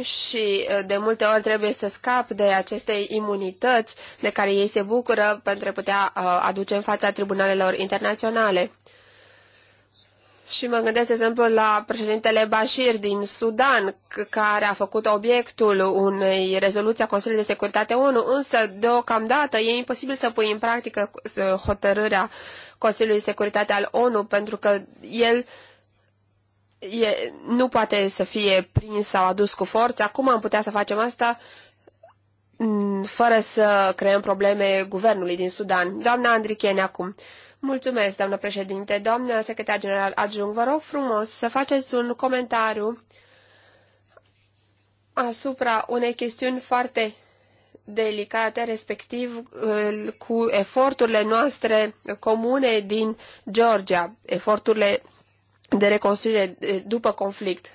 și uh, de multe ori trebuie să scap de aceste imunități de care ei se bucură pentru a putea aduce în fața tribunalelor internaționale. Și mă gândesc, de exemplu, la președintele Bashir din Sudan, care a făcut obiectul unei rezoluții a Consiliului de Securitate ONU, însă, deocamdată, e imposibil să pui în practică hotărârea Consiliului de Securitate al ONU, pentru că el e, nu poate să fie prins sau adus cu forță. Acum am putea să facem asta fără să creăm probleme guvernului din Sudan. Doamna Andrichene, acum. Uh, Mulțumesc, doamnă președinte. Doamnă secretar general adjunct, vă rog frumos să faceți un comentariu asupra unei chestiuni foarte delicate, respectiv cu eforturile noastre comune din Georgia, eforturile de reconstruire după conflict.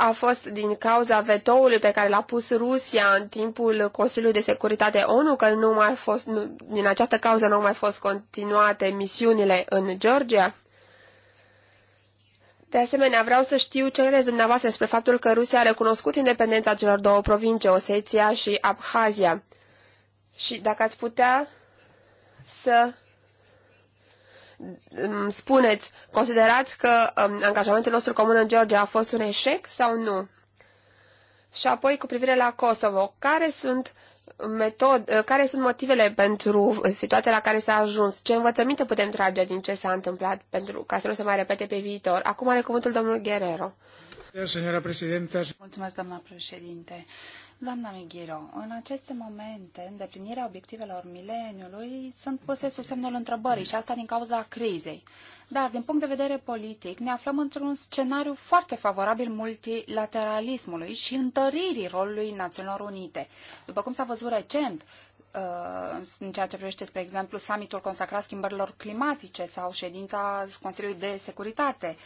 a fost din cauza vetoului pe care l-a pus Rusia în timpul Consiliului de Securitate ONU, că nu mai fost, nu, din această cauză nu au mai fost continuate misiunile în Georgia? De asemenea, vreau să știu ce credeți dumneavoastră despre faptul că Rusia a recunoscut independența celor două provincii, Osetia și Abhazia. Și dacă ați putea să spuneți, considerați că um, angajamentul nostru comun în Georgia a fost un eșec sau nu? Și apoi, cu privire la Kosovo, care sunt metod, uh, care sunt motivele pentru situația la care s-a ajuns? Ce învățăminte putem trage din ce s-a întâmplat pentru ca să nu se mai repete pe viitor? Acum are cuvântul domnul Guerrero. Mulțumesc, doamna președinte. Doamna Mighiro, în aceste momente, îndeplinirea obiectivelor mileniului sunt puse sub semnul întrebării și asta din cauza crizei. Dar, din punct de vedere politic, ne aflăm într-un scenariu foarte favorabil multilateralismului și întăririi rolului Națiunilor Unite. După cum s-a văzut recent, uh, în ceea ce privește, spre exemplu, summitul consacrat schimbărilor climatice sau ședința Consiliului de Securitate.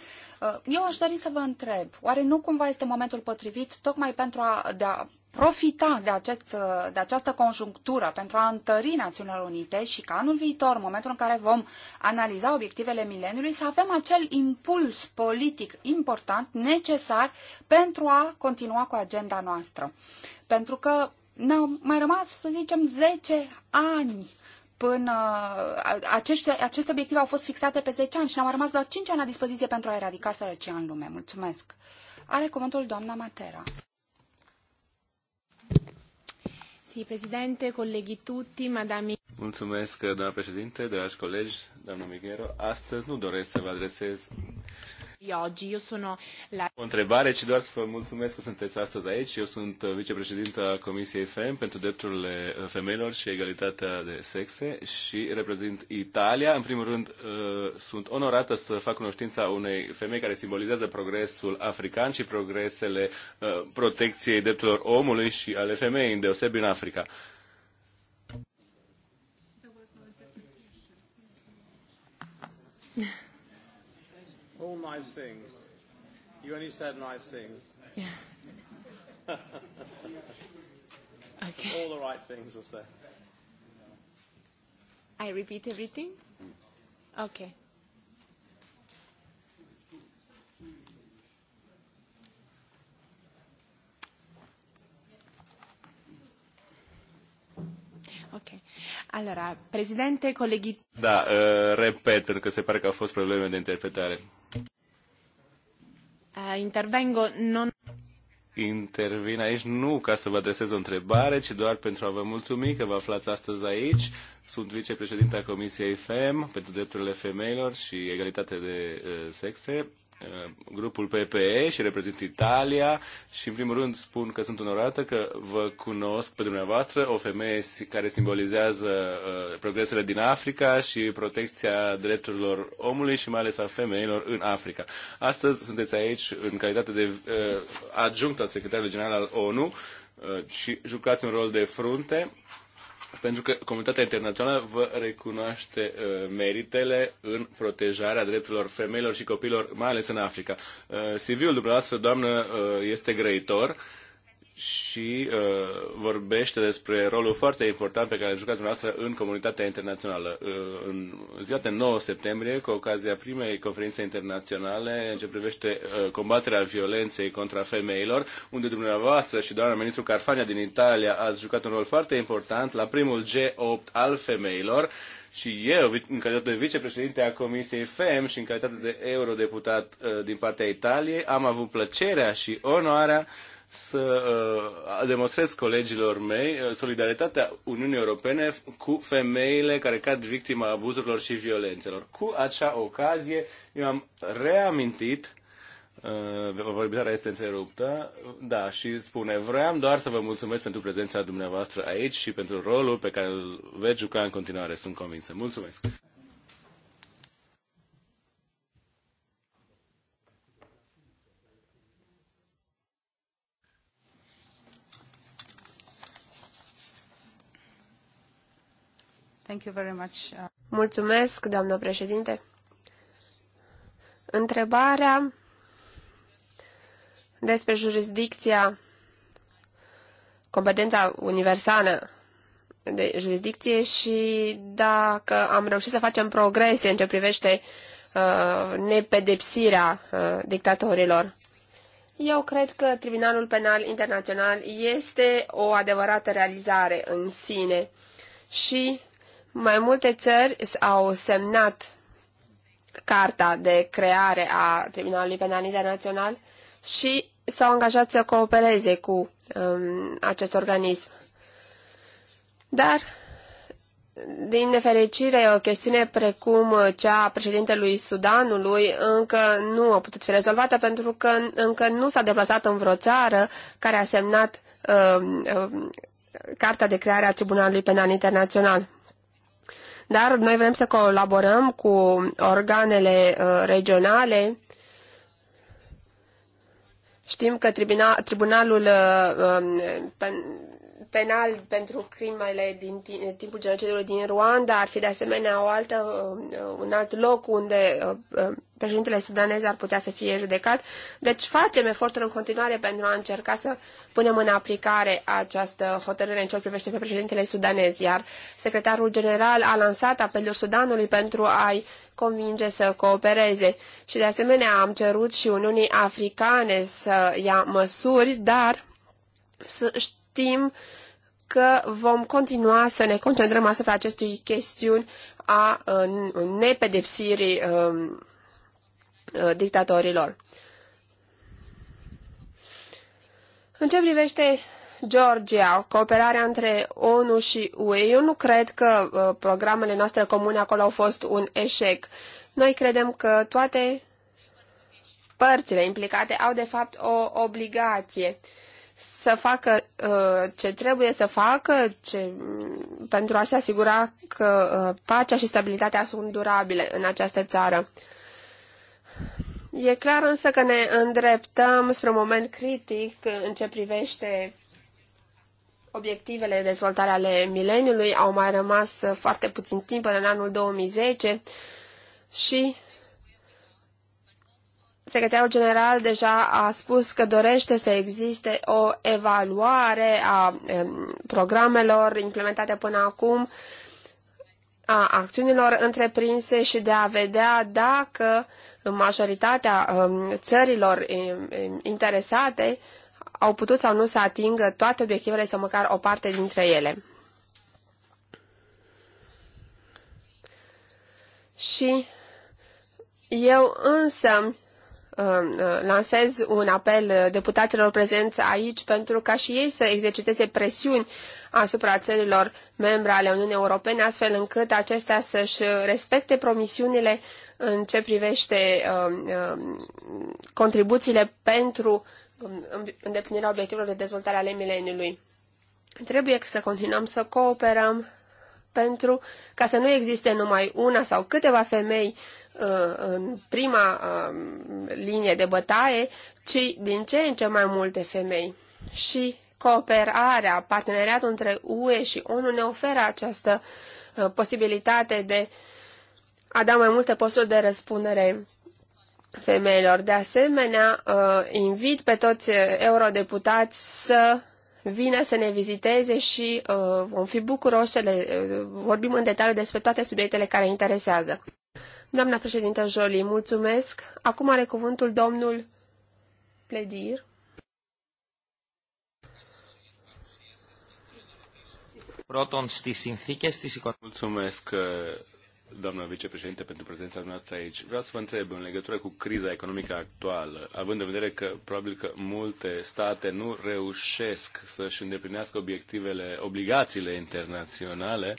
Uh, eu aș dori să vă întreb, oare nu cumva este momentul potrivit tocmai pentru a, de a profita de, acest, de această conjunctură pentru a întări Națiunile Unite și ca anul viitor, în momentul în care vom analiza obiectivele mileniului, să avem acel impuls politic important necesar pentru a continua cu agenda noastră. Pentru că ne-au mai rămas, să zicem, 10 ani până aceste, aceste obiective au fost fixate pe 10 ani și ne-au rămas doar 5 ani la dispoziție pentru a eradica sărăcia în lume. Mulțumesc. Are cuvântul doamna Matera. Grazie Presidente, colleghi tutti, madami. Mulțumesc, doamna președinte, dragi colegi, doamna Mighero. Astăzi nu doresc să vă adresez oggi. Io sono la... O întrebare, ci doar să vă mulțumesc că sunteți astăzi aici. Eu sunt uh, vicepreședinta Comisiei FEM pentru drepturile uh, femeilor și egalitatea de sexe și reprezint Italia. În primul rând, uh, sunt onorată să fac cunoștința unei femei care simbolizează progresul african și progresele protecției drepturilor omului și ale femeii, îndeosebi în Africa. Yeah all nice things. You only said nice things. Yeah. [LAUGHS] okay. All the right things are said. I repeat everything? Okay. Ok. Allora, presidente, colleghi... Da, uh, repet, pentru că se pare că au fost probleme de interpretare. Uh, intervengo non... Intervin aici nu ca să vă adresez o întrebare, ci doar pentru a vă mulțumi că vă aflați astăzi aici. Sunt vicepreședinta Comisiei FEM pentru drepturile femeilor și egalitatea de uh, sexe Uh, grupul PPE și reprezint Italia și în primul rând spun că sunt onorată că vă cunosc pe dumneavoastră, o femeie care simbolizează uh, progresele din Africa și protecția drepturilor omului și mai ales a femeilor în Africa. Astăzi sunteți aici în calitate de uh, adjunct al secretarului general al ONU și jucați un rol de frunte pentru că comunitatea internațională vă recunoaște uh, meritele în protejarea drepturilor femeilor și copiilor, mai ales în Africa. Uh, CV-ul dumneavoastră, doamnă, uh, este grăitor. Uh, și uh, vorbește despre rolul foarte important pe care l-a jucat dumneavoastră în comunitatea internațională. Uh, în ziua de 9 septembrie, cu ocazia primei conferințe internaționale în ce privește uh, combaterea violenței contra femeilor, unde dumneavoastră și doamna ministru Carfania din Italia ați jucat un rol foarte important la primul G8 al femeilor, și eu, în calitate de vicepreședinte a Comisiei FEM și în calitate de eurodeputat uh, din partea Italiei, am avut plăcerea și onoarea uh, să uh, demonstrez colegilor mei uh, solidaritatea Uniunii Europene cu femeile care cad victima abuzurilor și violențelor. Cu acea ocazie, eu am reamintit uh, vorbitoarea este întreruptă, da, și spune, vreau doar să vă mulțumesc pentru prezența dumneavoastră aici și pentru rolul pe care îl veți juca în continuare, sunt convinsă. Mulțumesc! Thank you very much. Mulțumesc, doamnă președinte. Întrebarea despre jurisdicția, competența universală de jurisdicție și dacă am reușit să facem progrese în ce privește uh, nepedepsirea uh, dictatorilor. Eu cred că Tribunalul Penal Internațional este o adevărată realizare în sine și mai multe țări au semnat carta de creare a Tribunalului Penal Internațional și s-au angajat să coopereze cu um, acest organism. Dar, din nefericire, o chestiune precum cea a președintelui Sudanului încă nu a putut fi rezolvată pentru că încă nu s-a deplasat în vreo țară care a semnat um, um, Carta de creare a Tribunalului Penal Internațional dar noi vrem să colaborăm cu organele uh, regionale. Știm că tribuna, tribunalul uh, um, penal pentru crimele din timpul genocidului din Rwanda ar fi de asemenea o altă, uh, un alt loc unde președintele sudanez ar putea să fie judecat. Deci facem eforturi în continuare pentru a încerca să punem în aplicare această hotărâre în ce privește pe președintele sudanez, iar secretarul general a lansat apelul Sudanului pentru a-i convinge să coopereze și de asemenea am cerut și Uniunii Africane să ia măsuri, dar să știm că vom continua să ne concentrăm asupra acestui chestiuni a nepedepsirii um, Uh, dictatorilor. În ce privește Georgia, cooperarea între ONU și UE, eu nu cred că uh, programele noastre comune acolo au fost un eșec. Noi credem că toate părțile implicate au de fapt o obligație să facă uh, ce trebuie să facă ce, mm, pentru a se asigura că uh, pacea și stabilitatea sunt durabile în această țară. E clar însă că ne îndreptăm spre un moment critic în ce privește obiectivele de dezvoltare ale mileniului. Au mai rămas foarte puțin timp până în anul 2010 și Secretarul General deja a spus că dorește să existe o evaluare a programelor implementate până acum a acțiunilor întreprinse și de a vedea dacă majoritatea um, țărilor um, um, interesate au putut sau nu să atingă toate obiectivele sau măcar o parte dintre ele. Și eu însă Um, uh, lansez un apel uh, deputaților prezenți aici pentru ca și ei să exerciteze presiuni asupra țărilor membre ale Uniunii Europene, astfel încât acestea să-și respecte promisiunile în ce privește um, um, contribuțiile pentru îndeplinirea obiectivelor de dezvoltare ale mileniului. Trebuie să continuăm să cooperăm pentru ca să nu existe numai una sau câteva femei uh, în prima um, linie de bătaie, ci din ce în ce mai multe femei. Și cooperarea, parteneriatul între UE și ONU ne oferă această uh, posibilitate de a da mai multe posturi de răspundere femeilor. De asemenea, uh, invit pe toți eurodeputați să vină să ne viziteze și uh, vom fi bucuroși să le uh, vorbim în detaliu despre toate subiectele care interesează. Doamna președintă Jolie, mulțumesc. Acum are cuvântul domnul Pledir. Proton, στις συνθήκες της Mulțumesc, uh, doamnă vicepreședinte, pentru prezența noastră aici. Vreau să vă întreb, în legătură cu criza economică actuală, având în vedere că probabil că multe state nu reușesc să-și îndeplinească obiectivele, obligațiile internaționale,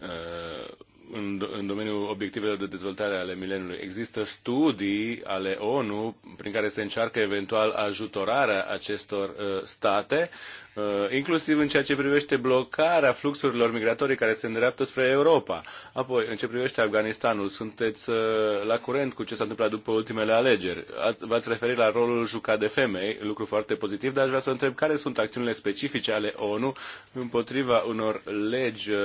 uh, în, în domeniul obiectivelor de dezvoltare ale mileniului. Există studii ale ONU prin care se încearcă eventual ajutorarea acestor uh, state Uh, inclusiv în ceea ce privește blocarea fluxurilor migratorii care se îndreaptă spre Europa. Apoi, în ce privește Afganistanul, sunteți uh, la curent cu ce s-a întâmplat după ultimele alegeri. V-ați referit la rolul jucat de femei, lucru foarte pozitiv, dar aș vrea să întreb care sunt acțiunile specifice ale ONU împotriva unor legi uh,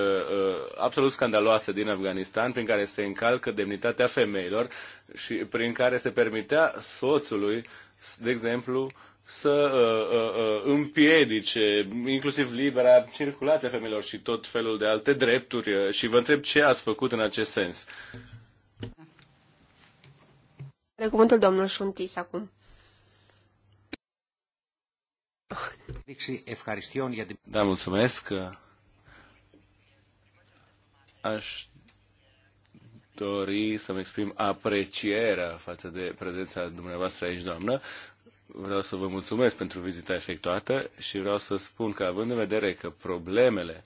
absolut scandaloase din Afganistan, prin care se încalcă demnitatea femeilor și prin care se permitea soțului, de exemplu, să uh, uh, uh, împiedice inclusiv libera circulație a femeilor și tot felul de alte drepturi uh, și vă întreb ce ați făcut în acest sens. Are cuvântul domnul Șuntis acum. Da, mulțumesc. Aș dori să-mi exprim aprecierea față de prezența dumneavoastră aici, doamnă vreau să vă mulțumesc pentru vizita efectuată și vreau să spun că având în vedere că problemele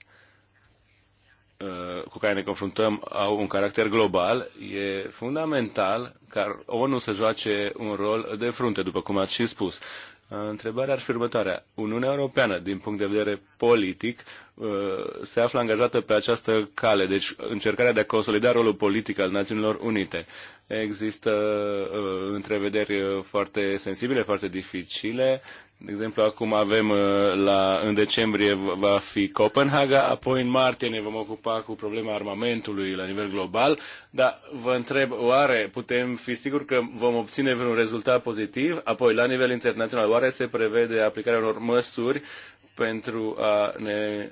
uh, cu care ne confruntăm au un caracter global, e fundamental ca ONU să joace un rol de frunte, după cum ați și spus. Uh, întrebarea ar fi următoarea. Uniunea Europeană, din punct de vedere politic, uh, se află angajată pe această cale, deci încercarea de a consolida rolul politic al Națiunilor Unite. Există uh, întrevederi foarte sensibile, foarte dificile de exemplu, acum avem uh, la, în decembrie va fi Copenhaga, apoi în martie ne vom ocupa cu problema armamentului la nivel global, dar vă întreb, oare putem fi siguri că vom obține vreun rezultat pozitiv? Apoi, la nivel internațional, oare se prevede aplicarea unor măsuri pentru a ne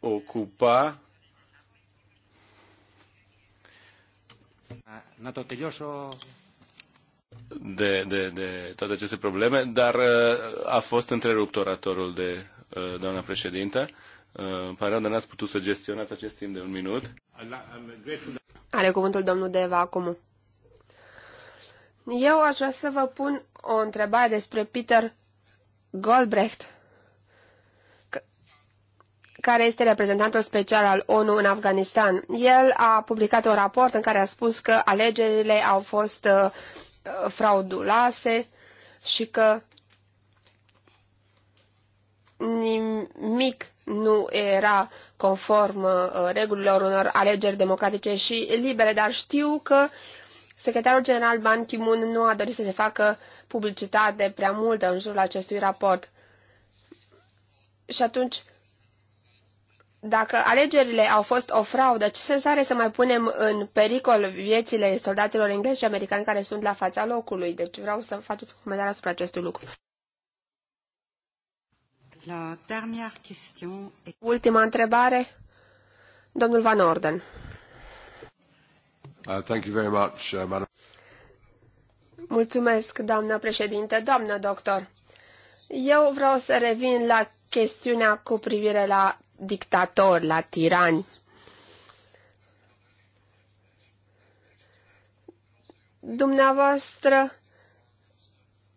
ocupa Να το τελειώσω de, de, de toate aceste probleme, dar uh, a fost întrerupt oratorul de uh, doamna președintă. Uh, îmi pare rău, n-ați putut să gestionați acest timp de un minut. Are cuvântul domnul Deva acum. Eu aș vrea să vă pun o întrebare despre Peter Goldbrecht, care este reprezentantul special al ONU în Afganistan. El a publicat un raport în care a spus că alegerile au fost fraudulase și că nimic nu era conform uh, regulilor unor alegeri democratice și libere, dar știu că secretarul general Ban Ki-moon nu a dorit să se facă publicitate prea multă în jurul acestui raport. Și atunci dacă alegerile au fost o fraudă, ce sens are să mai punem în pericol viețile soldaților englezi și americani care sunt la fața locului? Deci vreau să faceți comentare asupra acestui lucru. La Ultima întrebare, domnul Van Orden. Uh, thank you very much, uh, madam. Mulțumesc, doamnă președinte, doamnă doctor. Eu vreau să revin la chestiunea cu privire la dictatori, la tirani. Dumneavoastră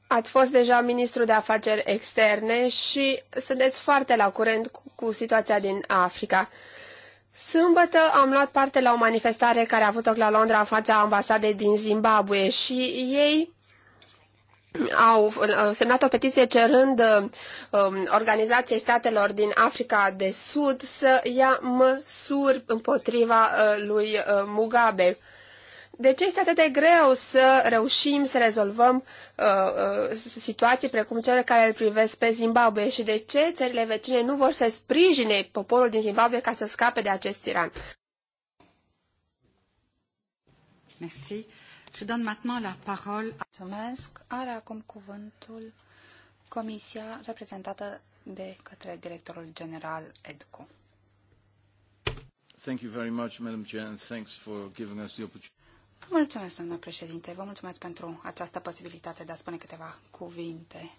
ați fost deja ministru de afaceri externe și sunteți foarte la curent cu, cu situația din Africa. Sâmbătă am luat parte la o manifestare care a avut loc la Londra în fața ambasadei din Zimbabwe și ei au semnat o petiție cerând um, Organizației Statelor din Africa de Sud să ia măsuri împotriva uh, lui uh, Mugabe. De deci ce este atât de greu să reușim să rezolvăm uh, uh, situații precum cele care îl privesc pe Zimbabwe și de ce țările vecine nu vor să sprijine poporul din Zimbabwe ca să scape de acest tiran? Merci. Je donne maintenant la parole. Mulțumesc. Are acum cuvântul comisia reprezentată de către directorul general EDCO. Thank you very much, Madam Chair, and thanks for giving us the opportunity. Mulțumesc, doamnă președinte. Vă mulțumesc pentru această posibilitate de a spune câteva cuvinte.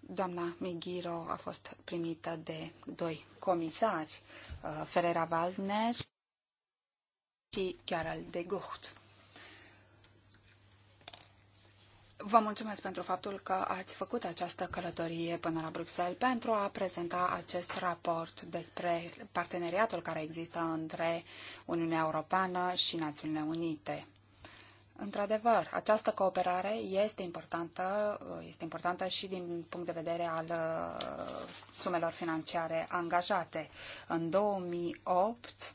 Doamna Migiro a fost primită de doi comisari, uh, Ferreira Waldner și Gerald de Gucht. Vă mulțumesc pentru faptul că ați făcut această călătorie până la Bruxelles pentru a prezenta acest raport despre parteneriatul care există între Uniunea Europeană și Națiunile Unite. Într-adevăr, această cooperare este importantă, este importantă și din punct de vedere al uh, sumelor financiare angajate. În 2008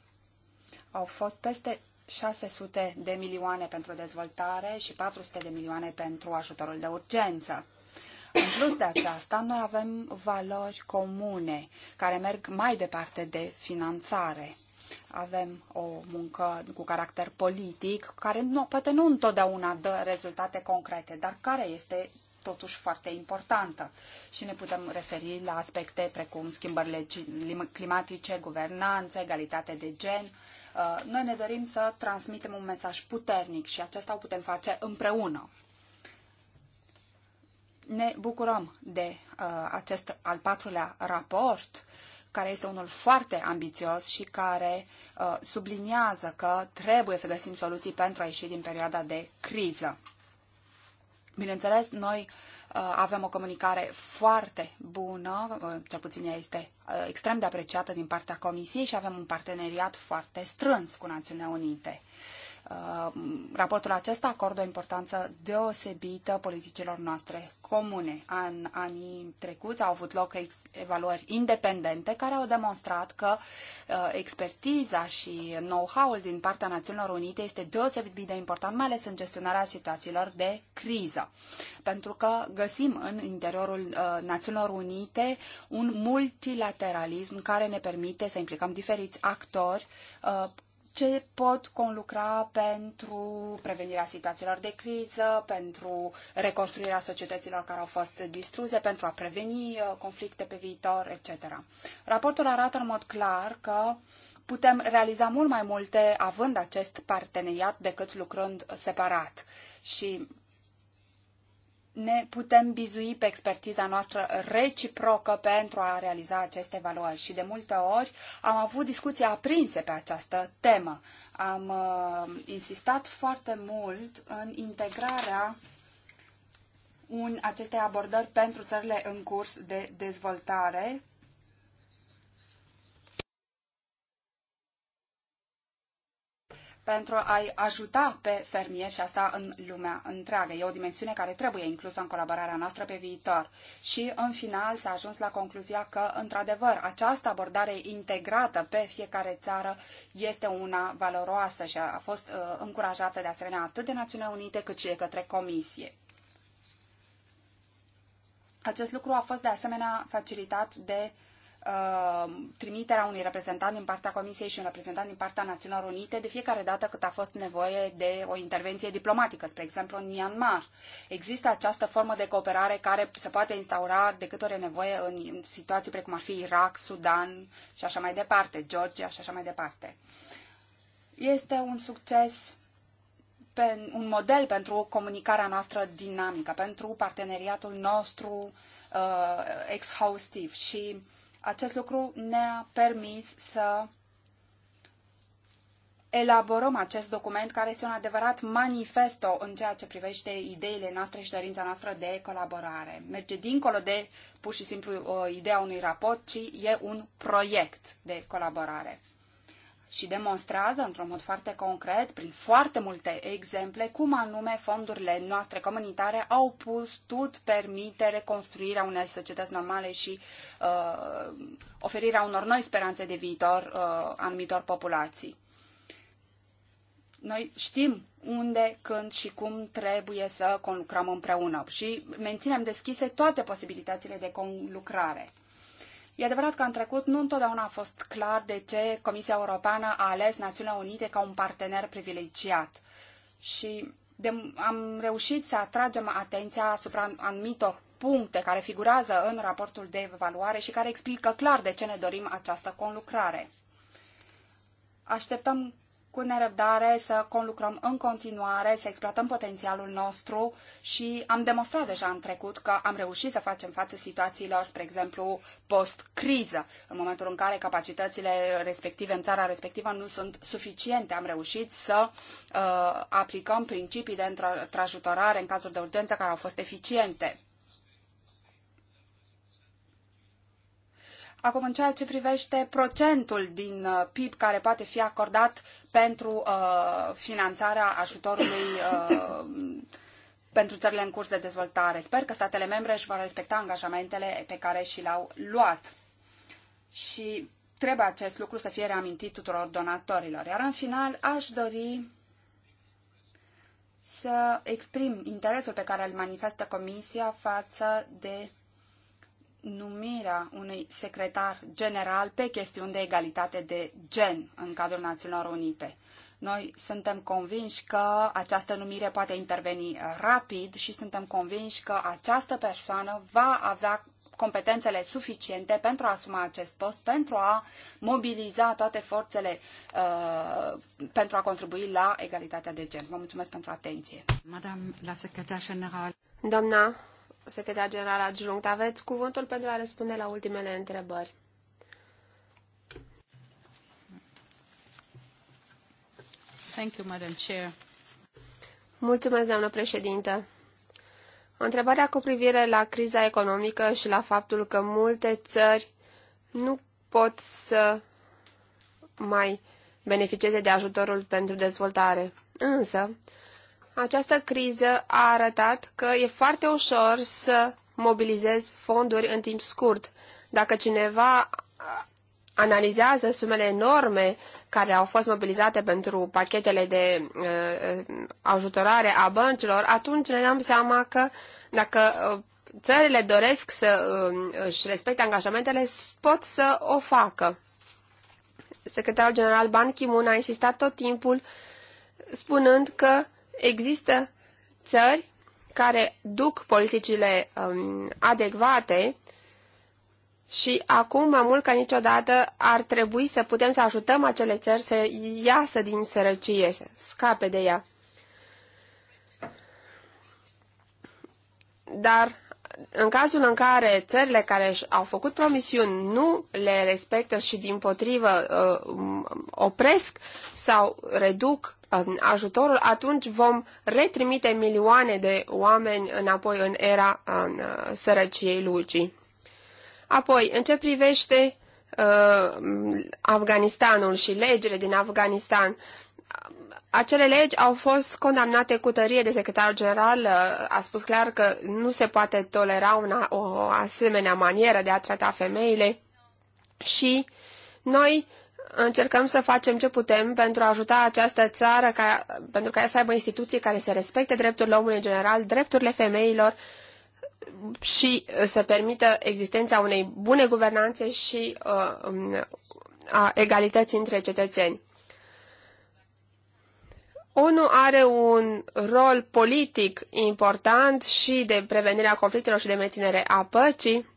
au fost peste 600 de milioane pentru dezvoltare și 400 de milioane pentru ajutorul de urgență. În plus de aceasta, noi avem valori comune care merg mai departe de finanțare. Avem o muncă cu caracter politic, care nu, poate nu întotdeauna dă rezultate concrete, dar care este totuși foarte importantă. Și ne putem referi la aspecte precum schimbările climatice, guvernanță, egalitate de gen Uh, noi ne dorim să transmitem un mesaj puternic și acesta o putem face împreună. Ne bucurăm de uh, acest al patrulea raport care este unul foarte ambițios și care uh, subliniază că trebuie să găsim soluții pentru a ieși din perioada de criză. Bineînțeles, noi uh, Uh, avem o comunicare foarte bună, uh, cel puțin este uh, extrem de apreciată din partea Comisiei și avem un parteneriat foarte strâns cu Națiunea Unite raportul acesta acordă o importanță deosebită politicilor noastre comune. În anii trecuți au avut loc evaluări independente care au demonstrat că uh, expertiza și know-how-ul din partea Națiunilor Unite este deosebit de important, mai ales în gestionarea situațiilor de criză. Pentru că găsim în interiorul uh, Națiunilor Unite un multilateralism care ne permite să implicăm diferiți actori uh, ce pot conlucra pentru prevenirea situațiilor de criză, pentru reconstruirea societăților care au fost distruse, pentru a preveni uh, conflicte pe viitor, etc. Raportul arată în mod clar că putem realiza mult mai multe având acest parteneriat decât lucrând separat. Și ne putem bizui pe expertiza noastră reciprocă pentru a realiza aceste evaluări. Și de multe ori am avut discuții aprinse pe această temă. Am uh, insistat foarte mult în integrarea un, acestei abordări pentru țările în curs de dezvoltare pentru a-i ajuta pe fermieri și asta în lumea întreagă. E o dimensiune care trebuie inclusă în colaborarea noastră pe viitor. Și în final s-a ajuns la concluzia că, într-adevăr, această abordare integrată pe fiecare țară este una valoroasă și a fost uh, încurajată de asemenea atât de Națiunile Unite cât și de către Comisie. Acest lucru a fost de asemenea facilitat de uh, Uh, trimiterea unui reprezentant din partea Comisiei și un reprezentant din partea Națiunilor Unite de fiecare dată cât a fost nevoie de o intervenție diplomatică, spre exemplu în Myanmar. Există această formă de cooperare care se poate instaura de cât ori e nevoie în situații precum ar fi Irak, Sudan și așa mai departe, Georgia și așa mai departe. Este un succes pe, un model pentru comunicarea noastră dinamică, pentru parteneriatul nostru uh, exhaustiv și acest lucru ne-a permis să elaborăm acest document care este un adevărat manifesto în ceea ce privește ideile noastre și dorința noastră de colaborare. Merge dincolo de pur și simplu ideea unui raport, ci e un proiect de colaborare și demonstrează într-un mod foarte concret, prin foarte multe exemple, cum anume fondurile noastre comunitare au pus tot permite reconstruirea unei societăți normale și uh, oferirea unor noi speranțe de viitor uh, anumitor populații. Noi știm unde, când și cum trebuie să conlucrăm împreună și menținem deschise toate posibilitățile de conlucrare. E adevărat că în trecut nu întotdeauna a fost clar de ce Comisia Europeană a ales Națiunea Unite ca un partener privilegiat. Și de, am reușit să atragem atenția asupra anumitor puncte care figurează în raportul de evaluare și care explică clar de ce ne dorim această conlucrare. Așteptăm cu nerăbdare să conlucrăm în continuare, să exploatăm potențialul nostru și am demonstrat deja în trecut că am reușit să facem față situațiilor, spre exemplu, post-criză. În momentul în care capacitățile respective în țara respectivă nu sunt suficiente, am reușit să uh, aplicăm principii de întrajutorare în cazuri de urgență care au fost eficiente. Acum, în ceea ce privește procentul din uh, PIB care poate fi acordat pentru uh, finanțarea ajutorului uh, pentru țările în curs de dezvoltare, sper că statele membre își vor respecta angajamentele pe care și le-au luat. Și trebuie acest lucru să fie reamintit tuturor donatorilor. Iar în final, aș dori să exprim interesul pe care îl manifestă Comisia față de numirea unui secretar general pe chestiuni de egalitate de gen în cadrul Națiunilor Unite. Noi suntem convinși că această numire poate interveni rapid și suntem convinși că această persoană va avea competențele suficiente pentru a asuma acest post, pentru a mobiliza toate forțele uh, pentru a contribui la egalitatea de gen. Vă mulțumesc pentru atenție. Madame la secretar general. Doamna secretar general adjunct, aveți cuvântul pentru a răspunde la ultimele întrebări. Thank you, Madam Chair. Mulțumesc, doamnă președintă. Întrebarea cu privire la criza economică și la faptul că multe țări nu pot să mai beneficieze de ajutorul pentru dezvoltare. Însă, această criză a arătat că e foarte ușor să mobilizezi fonduri în timp scurt. Dacă cineva analizează sumele enorme care au fost mobilizate pentru pachetele de uh, ajutorare a băncilor, atunci ne dăm seama că dacă uh, țările doresc să uh, își respecte angajamentele, pot să o facă. Secretarul General Ban Ki-moon a insistat tot timpul spunând că uh, Există țări care duc politicile um, adecvate și acum, mai mult ca niciodată, ar trebui să putem să ajutăm acele țări să iasă din sărăcie, să scape de ea. Dar în cazul în care țările care au făcut promisiuni nu le respectă și din potrivă uh, opresc sau reduc um, ajutorul, atunci vom retrimite milioane de oameni înapoi în era în um, sărăciei lucii. Apoi, în ce privește uh, Afganistanul și legile din Afganistan, acele legi au fost condamnate cu tărie de secretarul general, uh, a spus clar că nu se poate tolera una, o asemenea manieră de a trata femeile și noi încercăm să facem ce putem pentru a ajuta această țară ca, pentru ca ea să aibă instituții care să respecte drepturile omului în general, drepturile femeilor și uh, să permită existența unei bune guvernanțe și uh, um, a egalității între cetățeni. ONU are un rol politic important și de prevenirea conflictelor și de menținere a păcii,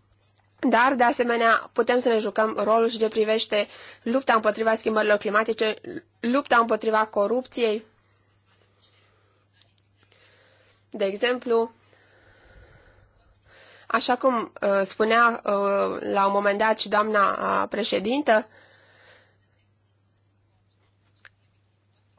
dar, de asemenea, putem să ne jucăm rolul și de privește lupta împotriva schimbărilor climatice, lupta împotriva corupției. De exemplu, așa cum uh, spunea uh, la un moment dat și doamna uh, președintă, uh,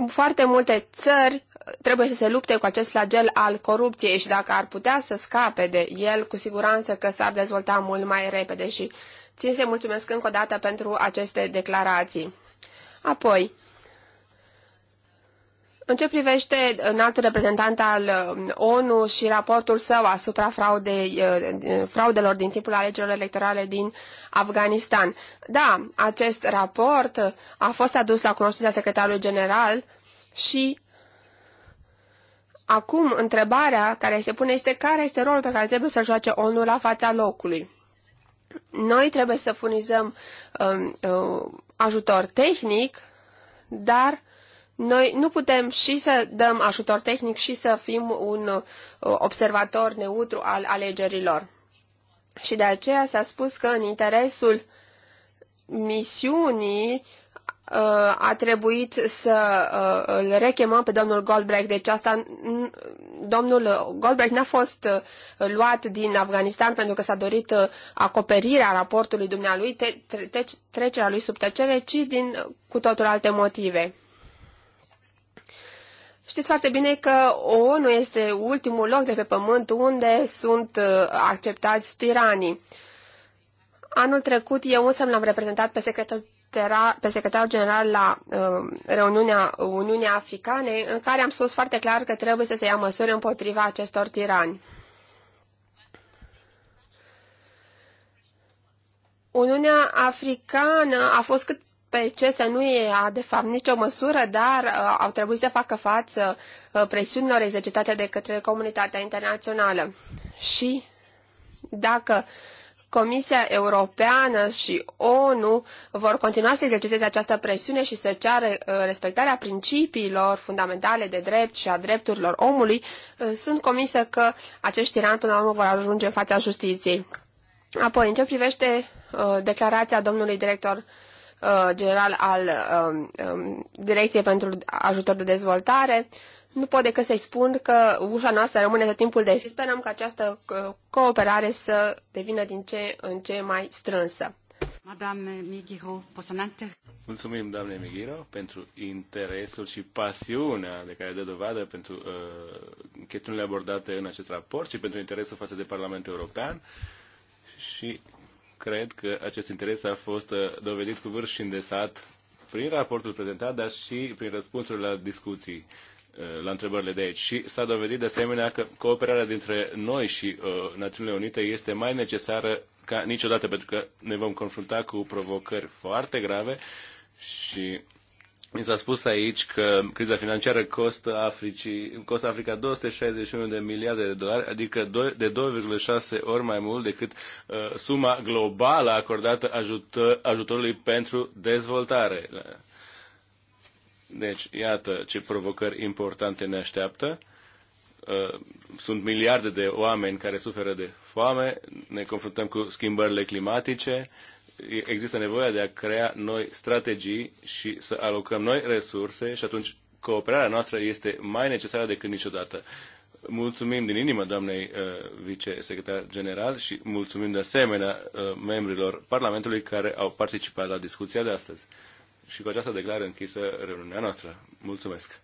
foarte multe țări trebuie să se lupte cu acest flagel al corupției și dacă ar putea să scape de el, cu siguranță că s-ar dezvolta mult mai repede și țin să mulțumesc încă o dată pentru aceste declarații. Apoi, în ce privește uh, înaltul reprezentant al uh, ONU și raportul său asupra fraudei, uh, fraudelor din timpul alegerilor electorale din Afganistan. Da, acest raport a fost adus la cunoștința secretarului general și acum întrebarea care se pune este care este rolul pe care trebuie să-l joace ONU la fața locului. Noi trebuie să furnizăm um, uh, ajutor tehnic, dar noi nu putem și să dăm ajutor tehnic și să fim un uh, observator neutru al alegerilor. Și de aceea s-a spus că în interesul misiunii uh, a trebuit să uh, îl rechemăm pe domnul Goldbrecht. Deci asta, domnul Goldbrecht n-a fost luat din Afganistan pentru că s-a dorit acoperirea raportului dumnealui, trecerea lui sub tăcere, ci din cu totul alte motive. Știți foarte bine că ONU este ultimul loc de pe pământ unde sunt uh, acceptați tiranii. Anul trecut eu însă l-am reprezentat pe secretarul pe secretarul general la uh, reuniunea Uniunii Africane, în care am spus foarte clar că trebuie să se ia măsuri împotriva acestor tirani. Uniunea Africană a fost cât să nu e de fapt nicio măsură, dar uh, au trebuit să facă față uh, presiunilor exercitate de către comunitatea internațională. Și dacă Comisia Europeană și ONU vor continua să exerciteze această presiune și să ceară respectarea principiilor fundamentale de drept și a drepturilor omului, sunt comisă că acești tirani până la urmă vor ajunge în fața justiției. Apoi, în ce privește declarația domnului director Uh, general al um, um, Direcției pentru Ajutor de Dezvoltare, nu pot decât să-i spun că ușa noastră rămâne de timpul de și sperăm că această uh, cooperare să devină din ce în ce mai strânsă. Migiro, Mulțumim, doamne Migiro, pentru interesul și pasiunea de care dă dovadă pentru uh, chestiunile abordate în acest raport și pentru interesul față de Parlamentul European și cred că acest interes a fost uh, dovedit cu vârf și îndesat prin raportul prezentat, dar și prin răspunsurile la discuții uh, la întrebările de aici. Și s-a dovedit de asemenea că cooperarea dintre noi și uh, Națiunile Unite este mai necesară ca niciodată, pentru că ne vom confrunta cu provocări foarte grave și mi s-a spus aici că criza financiară costă, Africii, costă Africa 261 de miliarde de dolari, adică de 2,6 ori mai mult decât uh, suma globală acordată ajută, ajutorului pentru dezvoltare. Deci, iată ce provocări importante ne așteaptă. Uh, sunt miliarde de oameni care suferă de foame, ne confruntăm cu schimbările climatice, există nevoia de a crea noi strategii și să alocăm noi resurse și atunci cooperarea noastră este mai necesară decât niciodată. Mulțumim din inimă doamnei uh, vicesecretar general și mulțumim de asemenea uh, membrilor Parlamentului care au participat la discuția de astăzi. Și cu aceasta declară închisă reuniunea noastră. Mulțumesc!